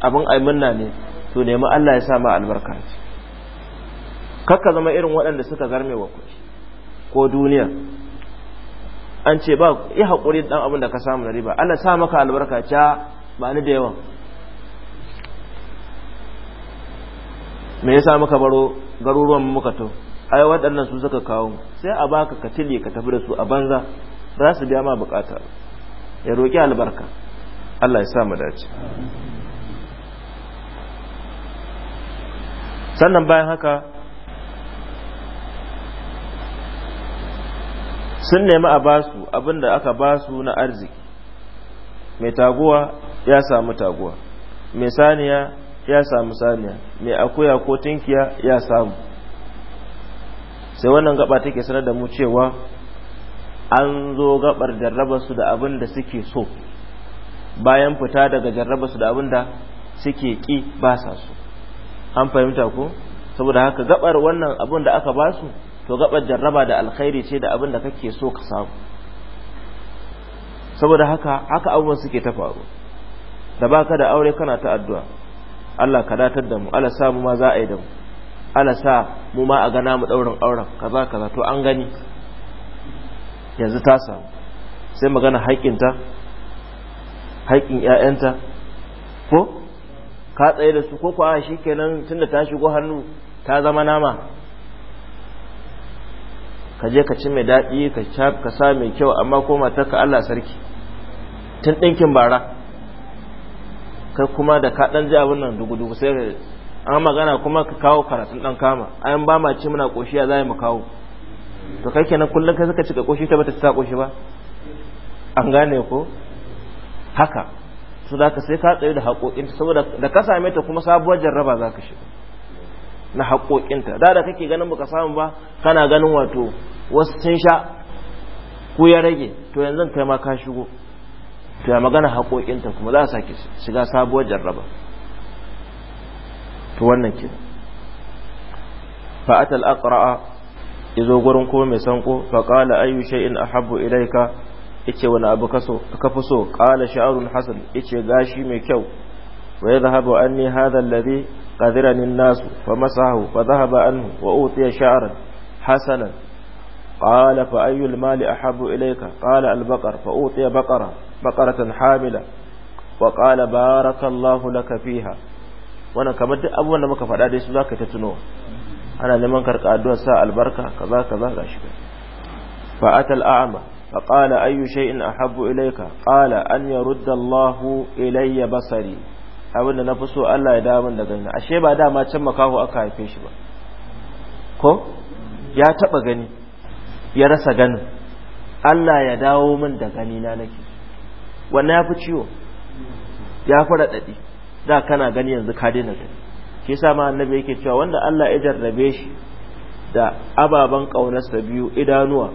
abin aiminna ne to nemi Allah ya sa ma albarka ce kakka zama irin waɗanda suka zarme wa kuɗi ko duniya an ce ba yi haƙuri ɗan abin da ka samu na riba Allah sa maka albarka ce ba ni da yawan me ya sa maka baro garuruwan muka to ai waɗannan su suka kawo sai a baka ka tile ka tafi da su a banza za su biya ma bukata ya roƙi albarka Allah ya sa mu dace sannan bayan haka sun nemi a basu abinda aka basu na arziki mai taguwa ya samu taguwa mai saniya ya samu saniya mai akuya ko tinkiya ya samu sai wannan gaba take sanar da mu cewa an zo gabar jarraba da abin da suke so bayan fita daga jarraba su da abin da suke ki ba sa su an fahimta ko saboda haka gabar wannan abin da aka ba su to gabar jarraba da alkhairi ce da abin da kake so ka samu saboda haka haka abubuwan suke ta faru da baka da aure kana ta addu'a Allah ka datar da mu Allah sa mu ma za a yi da mu Allah sa mu ma a gana mu daurin auren kaza kaza to an gani yanzu ta samu sai magana haƙƙinta haƙƙin ƴaƴanta ko ka tsaye da su ko ko a shikenan tunda ta shigo hannu ta zama nama ka je ka ci mai daɗi ka sa mai kyau amma ko matarka Allah sarki tun ɗinkin bara kai kuma da ka dan ji abin nan dugudugu sai ka an magana kuma ka kawo karatun dan kama ayan ba ma ce muna ya zai mu kawo to kai kenan kullum kai suka cika koshi ta bata ta koshi ba an gane ko haka to da ka sai ka tsaye da haƙoƙinta saboda da ka same ta kuma sabuwar jarraba za ka shiga na haƙoƙinta da da kake ganin baka samu ba kana ganin wato wasu sun sha ku ya rage to yanzu kai ma ka shigo to ya magana haƙoƙinta kuma za a sake shiga sabuwar jarraba to wannan ke fa'atal aqra'a izo gurin kuma mai sanko fa ayyu ayu shay'in ahabbu ilaika ice wani abu kaso ka fi so ƙala sha'arun hasan ice gashi mai kyau wa yadhhabu an ne alladhi qadirani an nasu fa masahu fa dhahaba anhu wa utiya sha'ran hasanan ƙala fa ayu mali ahabbu ilayka qala ƙala baqar fa utiya baqara baqaratan hamila wa qala barakallahu laka fiha wannan kamar abubuwan da muka faɗa dai su zaka ta tuno ana neman karka addu'a sa albarka kaza kaza gashi fa atal a'ma fa qala ayu shay'in ahabbu ilayka qala an yurda Allahu ilayya basari abin da na fi so Allah ya dawo da gani ashe ba dama can makaho aka haife shi ba ko ya taba gani ya rasa ganin Allah ya dawo min da gani na nake wannan ya fi ciwo ya fi raɗaɗi da kana gani yanzu ka daina gani ke yasa ma annabi yake cewa wanda Allah ya jarrabe shi da ababen ƙaunarsa biyu idanuwa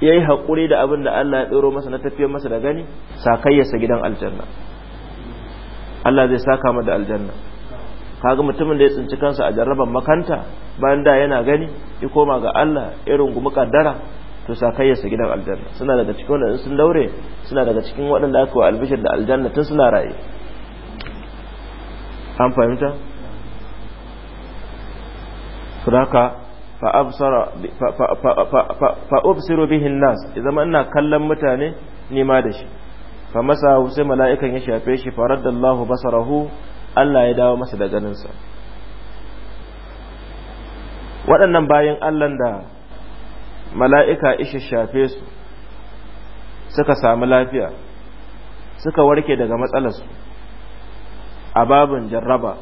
ya yi haƙuri da abin da Allah ya ɗoro masa na tafiyar masa da gani sakayyarsa gidan aljanna Allah zai saka mu da aljanna kaga mutumin da ya tsinci kansa a jarraban makanta bayan da yana gani ya koma ga Allah irin gumi kaddara to sakayyarsa gidan aljanna suna daga cikin wanda sun daure suna daga cikin waɗanda aka wa albishir da aljanna tun suna raye an fahimta suraka fa'ubsiru bihin nas zama ina kallon mutane nema da shi fa masa sai mala'ikan ya shafe shi raddallahu basarahu Allah ya dawo masa da ganinsa waɗannan bayan Allah da mala'ika ishe shafe su suka sami lafiya suka warke daga matsalarsu a babin jarraba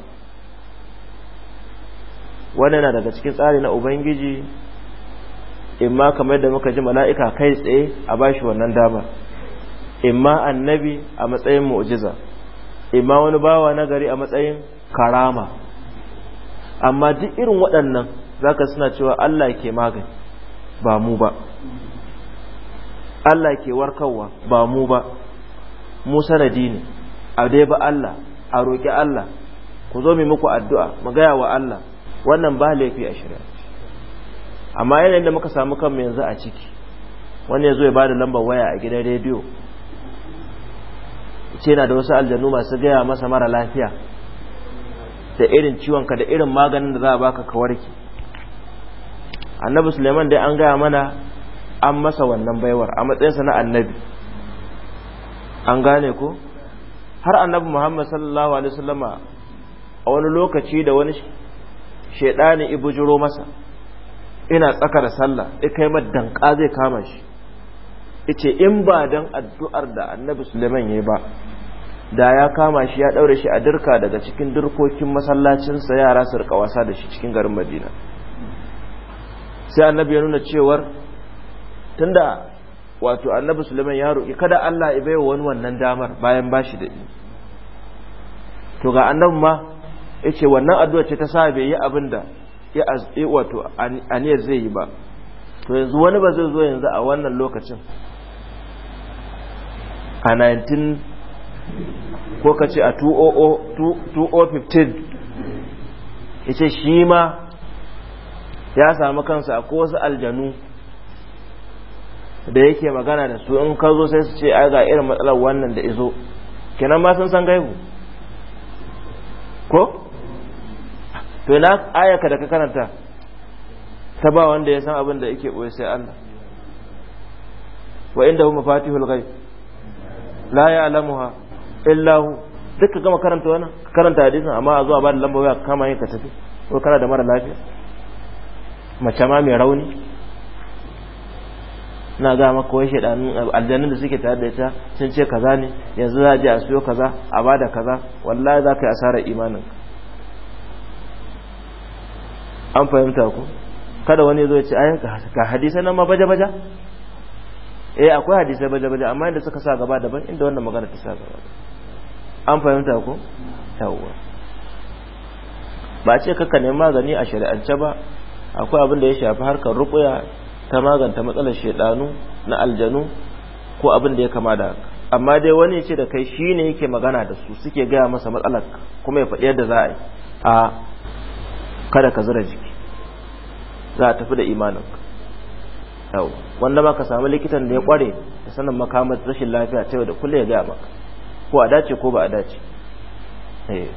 wani na daga cikin tsari na ubangiji imma kamar da muka ji mala'ika kai tsaye a bashi wannan dama imma annabi a matsayin mu'jiza imma wani bawa na gari a matsayin karama amma duk irin waɗannan zaka suna cewa Allah ke magani ba mu ba Allah ke warkarwa ba mu ba mu sanadi ne a dai ba Allah a roƙi Allah ku zo mu muku addu'a mu gaya wa Allah wannan ba laifi a shirya. amma yanayin da muka samu kanmu yanzu a ciki wani ya zo ya ba da lambar waya a gidan rediyo ce na da wasu aljanu masu gaya masa mara lafiya da irin ciwonka da irin maganin da za a baka ka warke annabi suleiman dai an gaya mana an masa wannan baiwar a matsayinsa na annabi an gane ko har annabi muhammad sallallahu alaihi wasallama a wani lokaci da wani shaidani ibujiro masa ina tsakar sallah ya kai madanka zai kama shi yace in ba dan addu'ar da annabi suleiman yayi ba da ya kama shi ya ɗaure shi a dirka daga cikin dirkokin masallacinsa yara su rika wasa da shi cikin garin madina sai annabi ya nuna cewar tunda wato annabi Suleiman ya roki kada Allah ya baiwa wani wannan damar bayan bashi da to ga annabi ma yace wannan addu'a ce ta sabe bai yi abinda ya wato aniyar zai yi ba to yanzu wani ba zai zo yanzu a wannan lokacin a 19 ko kace a 2015 yace shi ma ya samu kansa ko wasu aljanu da yake magana da su in ka zo sai su ce a ga irin matsalar wannan da izo kenan ma sun san gaibu ko to na ayaka da ka karanta ta ba wanda ya san abin da yake boye sai Allah wa inda huma fatihul ghaib la ya'lamuha illa hu duka gama karanta wannan karanta hadisin amma a zuwa ba da lambobi waya kama yin ka tafi ko kana da mara lafiya mace ma mai rauni na ga maka wai shaidanun aljanun da suke tare da ita sun ce kaza ne yanzu za a je a siyo kaza a bada kaza wallahi za ka yi asarar imanin an fahimta ku kada wani zo ya ce ai ga hadisa nan ma baje baja eh akwai hadisai baje-baje amma inda suka sa gaba daban inda wannan magana ta sa gaba an fahimta ku? tawwa ba ce kaka ne magani a shari'ance ba akwai abin da ya shafi harkar rukuya ta maganta matsalar shedanu na aljanu ko abin da ya kama da amma dai wani ce da kai shi ne yake magana da su suke gaya masa matsalar kuma ya faɗi yadda za a yi a kada ka zira jiki za a tafi da imaninka yau wanda ma ka samu likitan da ya kware da sanin makamar rashin lafiya ta yau da kullum ya gaya maka ko a dace ko ba a dace eh.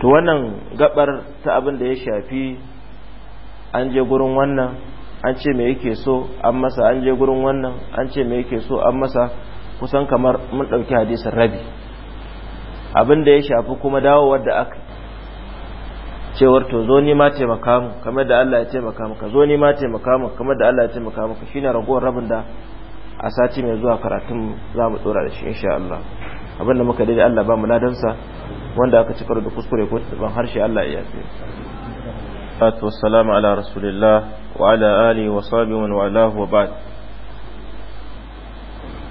to wannan gabar ta abin da ya shafi an je gurin wannan an ce me yake so an masa an je gurin wannan an ce me yake so an masa kusan kamar mun ɗauki hadisin rabi abin da ya shafi kuma dawowar da aka cewar to zo ni ma taimaka makamu kamar da Allah ya taimaka ka zo ni ma taimaka makamu kamar da Allah ya taimaka ka shine ragowar rabin da a sati mai zuwa karatun za mu dora da shi insha Allah abin da muka daidai Allah ba mu ladansa wanda aka ci karo da kuskure ko ban harshe Allah ya yafe salatu wassalamu ala rasulillah wa ala ali wa sahbihi wa ala wa ba'd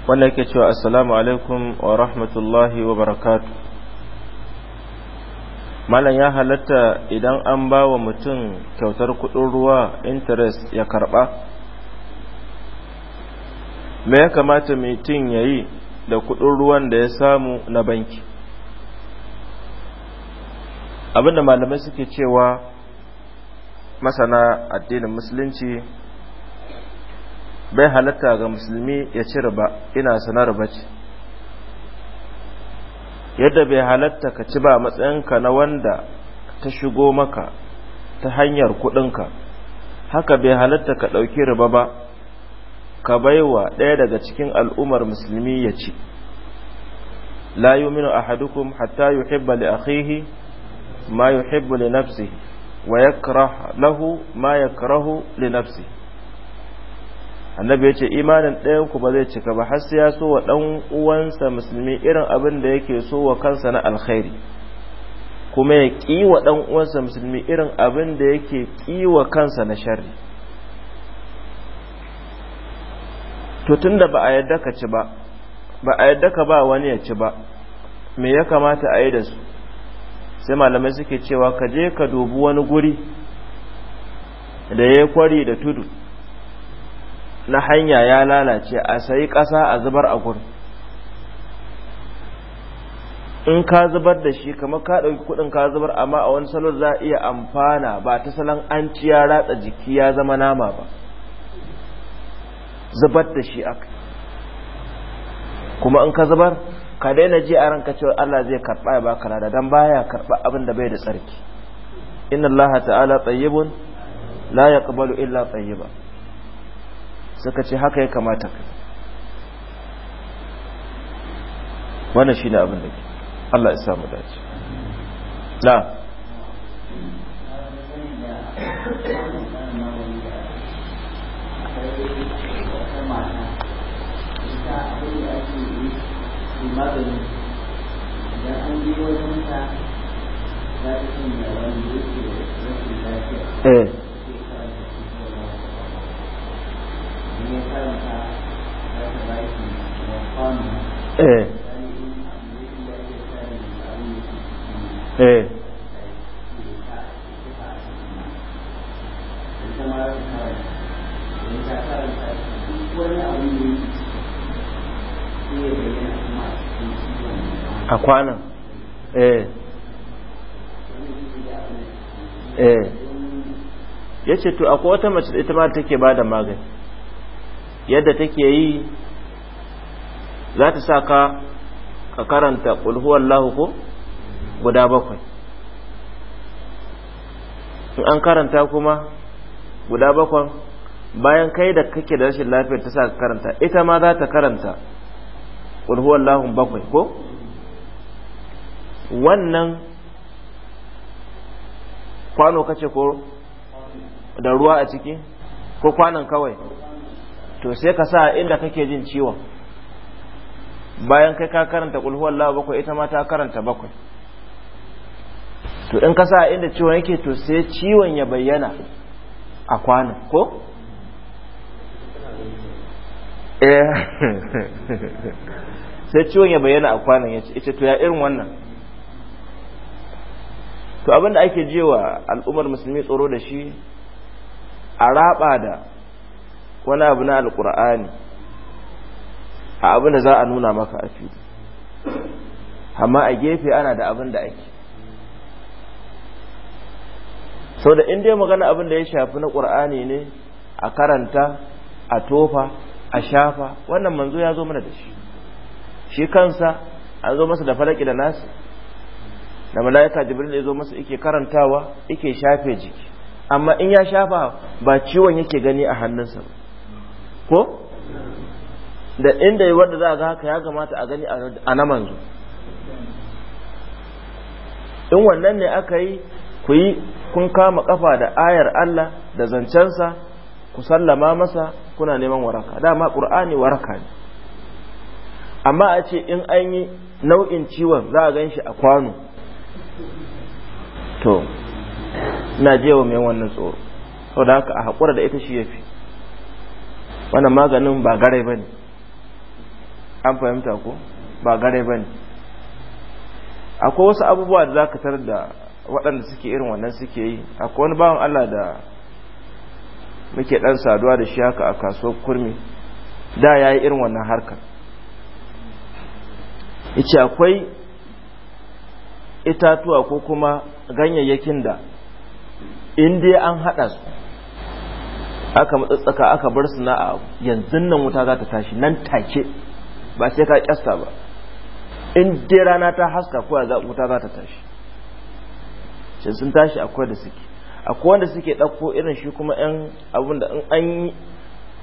wanda yake cewa assalamu alaikum wa rahmatullahi wa barakatuh malam ya halatta idan an ba wa mutum kyautar kudin ruwa interest ya karba me ya kamata mutum ya yi da kudin ruwan da ya samu na banki abinda malamai suke cewa masana addinin musulunci bai halatta ga musulmi ya ci raba ina sana riba ce yadda bai halatta ka ci ba matsayinka na wanda ta shigo maka ta hanyar kudinka haka bai halatta ka ɗauki raba ba ka baiwa ɗaya daga cikin al'ummar musulmi ya ci la a ahadukum hatta hibba li akhihi ma yuhibbu لنفسه ويكره له ما يكره ma yakrahu annabi yace imanin ɗayan ku ba zai cika ba har sai ya so wa dan uwansa musulmi irin abin da yake so wa kansa na alkhairi kuma ya ƙi wa ɗan uwansa musulmi irin abin da yake ƙi wa kansa na sharri to tunda ba a yadda ka ci ba ba a yadda ka ba wani ya ci ba me ya kamata a yi da su sai malamai suke cewa ka je ka dubi wani guri da ya kwari da tudu na hanya ya lalace a sayi ƙasa a zubar a gurin in ka zubar da shi kamar ka ɗauki kuɗin ka zubar amma a wani salon za a iya amfana ba ta salon an ci ya ratsa jiki ya zama nama ba zubar da shi aka kuma in ka zubar ka daina ji a ranka cewa Allah zai karba ya baka lada dan baya karba abin da bai da tsarki inna Allah ta'ala tayyibun la yaqbalu illa tayyiba suka ce haka ya kamata ka wannan ne abin da ke Allah ya samu dace you. shi magani idan an bi wajen ta za ta sanya wani yake rashin lafiya eh a kwanan eh, eh. ya ce to akwai wata mace da ita ma take ba da magani yadda take yi za ta sa ka ka karanta ƙulhuwar lahuku ko guda bakwai in an karanta kuma guda bakwai bayan kai da kake da rashin lafiyar ta sa ka karanta ita ma za ta karanta ƙulhuwar lahun bakwai ko wannan kwano kace ko da ruwa a ciki ko kwanan kawai to sai ka sa inda kake jin ciwon bayan kai ka karanta kulhuwar lawa bakwai ita ma ta karanta bakwai to in ka sa inda ciwon yake to sai ciwon ya bayyana a kwanan ko? Eh. (laughs) sai ciwon ya bayyana a kwanan ya ce to ya irin wannan to abin da ake jewa al'ummar musulmi tsoro da shi a raba da wani abu na alkur'ani a abin da za a nuna maka a fili amma a gefe ana da abin da ake sau da inda magana abin da ya shafi na ƙur'ani ne a karanta a tofa a shafa wannan manzo ya zo mana da shi shi kansa an zo masa da falaki da nasi da mala'ika jibril ya zo masa yake karantawa yake shafe jiki amma in ya shafa ba ciwon yake gani a hannunsa ba ko da inda yi wanda za a ga haka ya kamata a gani a na manzo in wannan ne aka yi ku yi kun kama kafa da ayar Allah da zancensa ku sallama masa kuna neman waraka dama ƙur'ani waraka ne amma a ce in an yi nau'in ciwon za a gan shi a kwano to ina je wa mai wannan tsoro sau da haka a haƙura da ita shi ya fi wannan maganin ba gare ba ne an fahimta ko ba gare ba ne akwai wasu abubuwa da za ka tarar da waɗanda suke irin wannan suke yi akwai wani bawan Allah da muke ɗan saduwa da shi haka a kasuwar kurmi da ya yi irin wannan harkar yace akwai itatuwa ko kuma ganyayyakin da in dai an haɗa su aka matsatsaka aka bar su na yanzu nan wuta za ta tashi nan take ba sai ka kyasta ba in dai rana ta haska kuwa wuta za ta tashi shi sun tashi akwai da suke akwai wanda suke ɗauko irin shi kuma yan abin da in an yi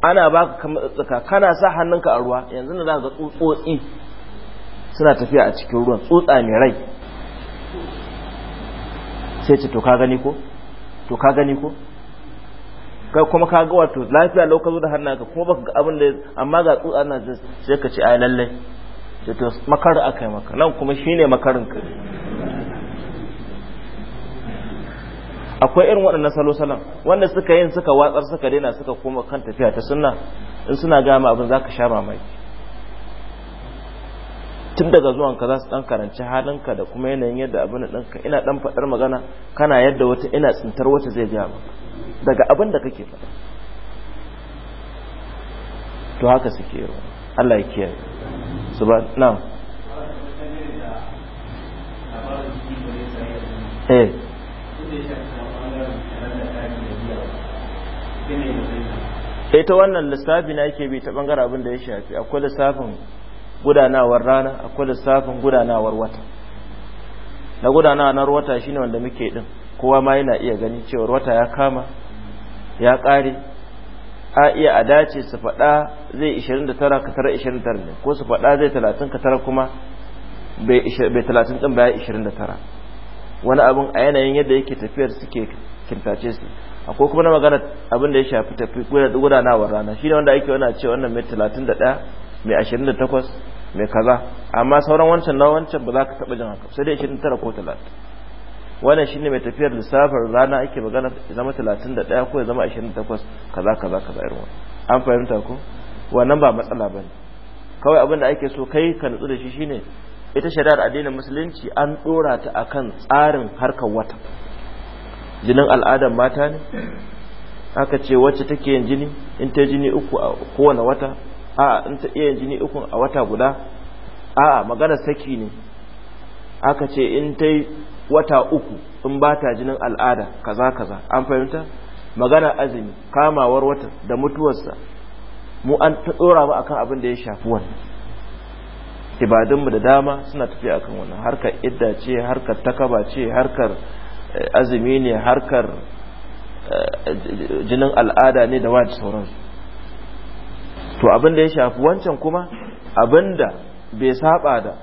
ana baka kama tsaka kana sa hannunka a ruwa yanzu da za ga tsotsotsi suna tafiya a cikin ruwan tsotsa mai rai sai ce to ka gani ko to ka gani ko kuma ka ga wato lafiya lau ka zo da hannaka kuma baka ga abin da amma ga tsutsa na sai ka ce ai lalle to to makar akai maka nan kuma shine makarin ka akwai irin waɗannan salo salon wanda suka yin suka watsar suka daina suka koma kan tafiya ta sunna in suna gama abin za ka sha mamaki tun daga zuwanka za su dan karanci halinka da kuma yanayin yadda abin da ɗanka ina dan faɗar magana kana yadda wata ina tsintar wata zai ja ba daga abin da kake faɗa to haka suke yi Allah ya kiyaye su ba na eh ita eh, wannan lissafi na yake bi ta bangaren abin da ya shafi akwai lissafin gudanawar rana akwai lissafin gudanawar wata na gudanawar wata shine wanda muke din kowa ma yana iya gani cewar wata ya kama ya ƙare a iya a dace su faɗa zai 29 ka tara 29 ne ko su faɗa zai 30 ka tara kuma bai 30 ɗin ba 29 wani abin a yanayin yadda yake tafiyar suke kintace su akwai kuma na magana abin da ya shafi tafi gudanawar rana shi ne wanda ake wana ce wannan mai 31 mai ashirin da takwas mai kaza amma sauran wancan na wancan ba za ka taɓa jin haka sai dai tara ko talatin wannan shine mai tafiyar lissafin rana ake magana zama talatin da ɗaya ko ya zama takwas kaza kaza kaza irin wani an fahimta ko wannan ba matsala ba ne kawai abin da ake so kai ka nutsu da shi shine ita shari'ar addinin musulunci an ɗora ta akan tsarin harkar wata jinin al'adar mata ne aka ce wacce take yin jini in ta jini uku a kowane wata A'a, in ta iya jini uku a wata guda A'a, magana saki ne aka ce in ta wata uku in ba ta jinin al'ada kaza kaza an fahimta magana azumi kamawar watan da mutuwarsa mu an ta tsora mu akan abin da ya shafi wannan ibadunmu da dama suna tafiya akan wannan harkar idda ce harkar takaba ce harkar eh, azumi ne harkar eh, jinin al'ada ne da wani sauransu to abin da ya shafi wancan kuma abin da bai saba da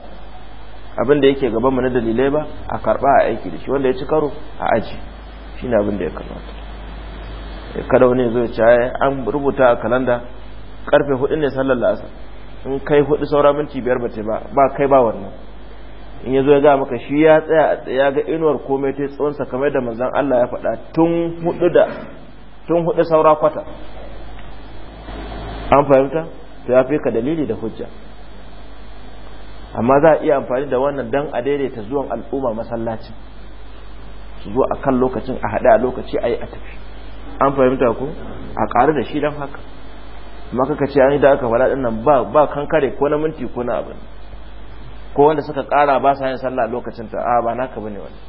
abin da yake gaban na dalilai ba a karba a aiki da shi wanda ya ci karo a aji shi ne abin da ya kamata kada wani zo caya an rubuta a kalanda karfe hudu ne sallar la'asar in kai hudu saura minti biyar ba ce ba kai ba wannan in ya zo ya ga maka shi ya tsaya a ya ga inuwar komai ta tsawonsa kamar da manzan Allah ya faɗa tun hudu da tun hudu saura kwata an fahimta to ya fi ka dalili da hujja amma za a iya amfani da wannan dan a daidaita zuwan al'umma masallacin su zo a kan lokacin a a lokaci a yi a tafi an fahimta ku a ƙaru da shi don haka amma kaka ce an yi da aka faɗa nan ba kankare ko na minti ko na abin ko wanda suka ƙara ba sa yin sallah lokacin ta a ba naka bane wani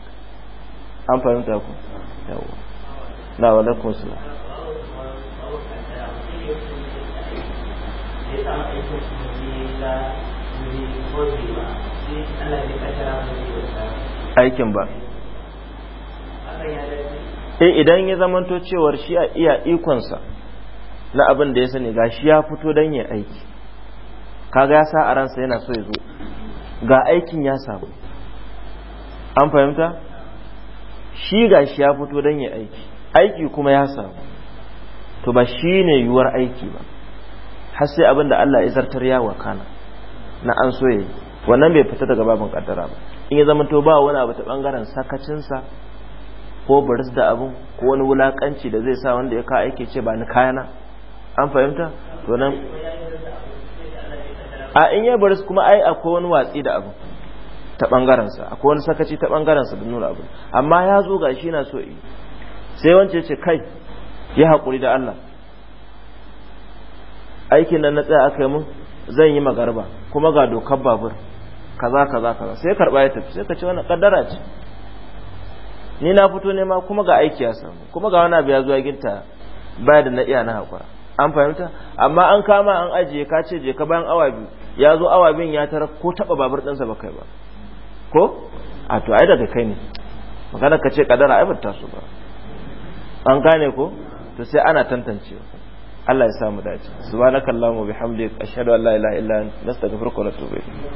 an fahimta ku yawa na wa alaikum salam ne aikin ba eh idan ya zamanto cewar shi a iya ikonsa na abin da ya sani ga shi ya fito don ya aiki kaga ya sa a ransa yana so ya zo ga aikin ya samu an fahimta shi ga shi ya fito don ya aiki aiki kuma ya samu to ba shi ne yiwuwar aiki ba har sai abin da Allah ya zartar ya kana na an soye wannan bai fita daga babin kaddara ba in ya zama to ba wani abu ta bangaren sakacinsa ko baris da abin ko wani wulakanci da zai sa wanda ya ka aike ce ba ni kayana an fahimta to nan a in ya baris kuma ai akwai wani watsi da abin ta bangarensa akwai wani sakaci ta sa, da nuna abin amma ya zo ga shi na so yi sai wance ce kai ya haƙuri da Allah aikin nan na tsaya aka yi mun zan yi magarba kuma ga dokar babur kaza kaza kaza sai karba ya tafi sai ka ce wannan kaddara ce ni na fito ne ma kuma ga aiki ya samu kuma ga wani abu ya zuwa ginta baya da na iya na hakura an fahimta amma an kama an ajiye ka ce je ka bayan awa biyu ya zo awa biyun ya tara ko taba babur ɗinsa ba kai ba ko a to ai daga kai ne magana ka ce kaddara ai ba ta so ba an gane ko to sai ana tantancewa Allah ya samu dace subhanakallahumma bihamdika ashhadu an la ilaha illa anta nastaghfiruka wa natubu ilayk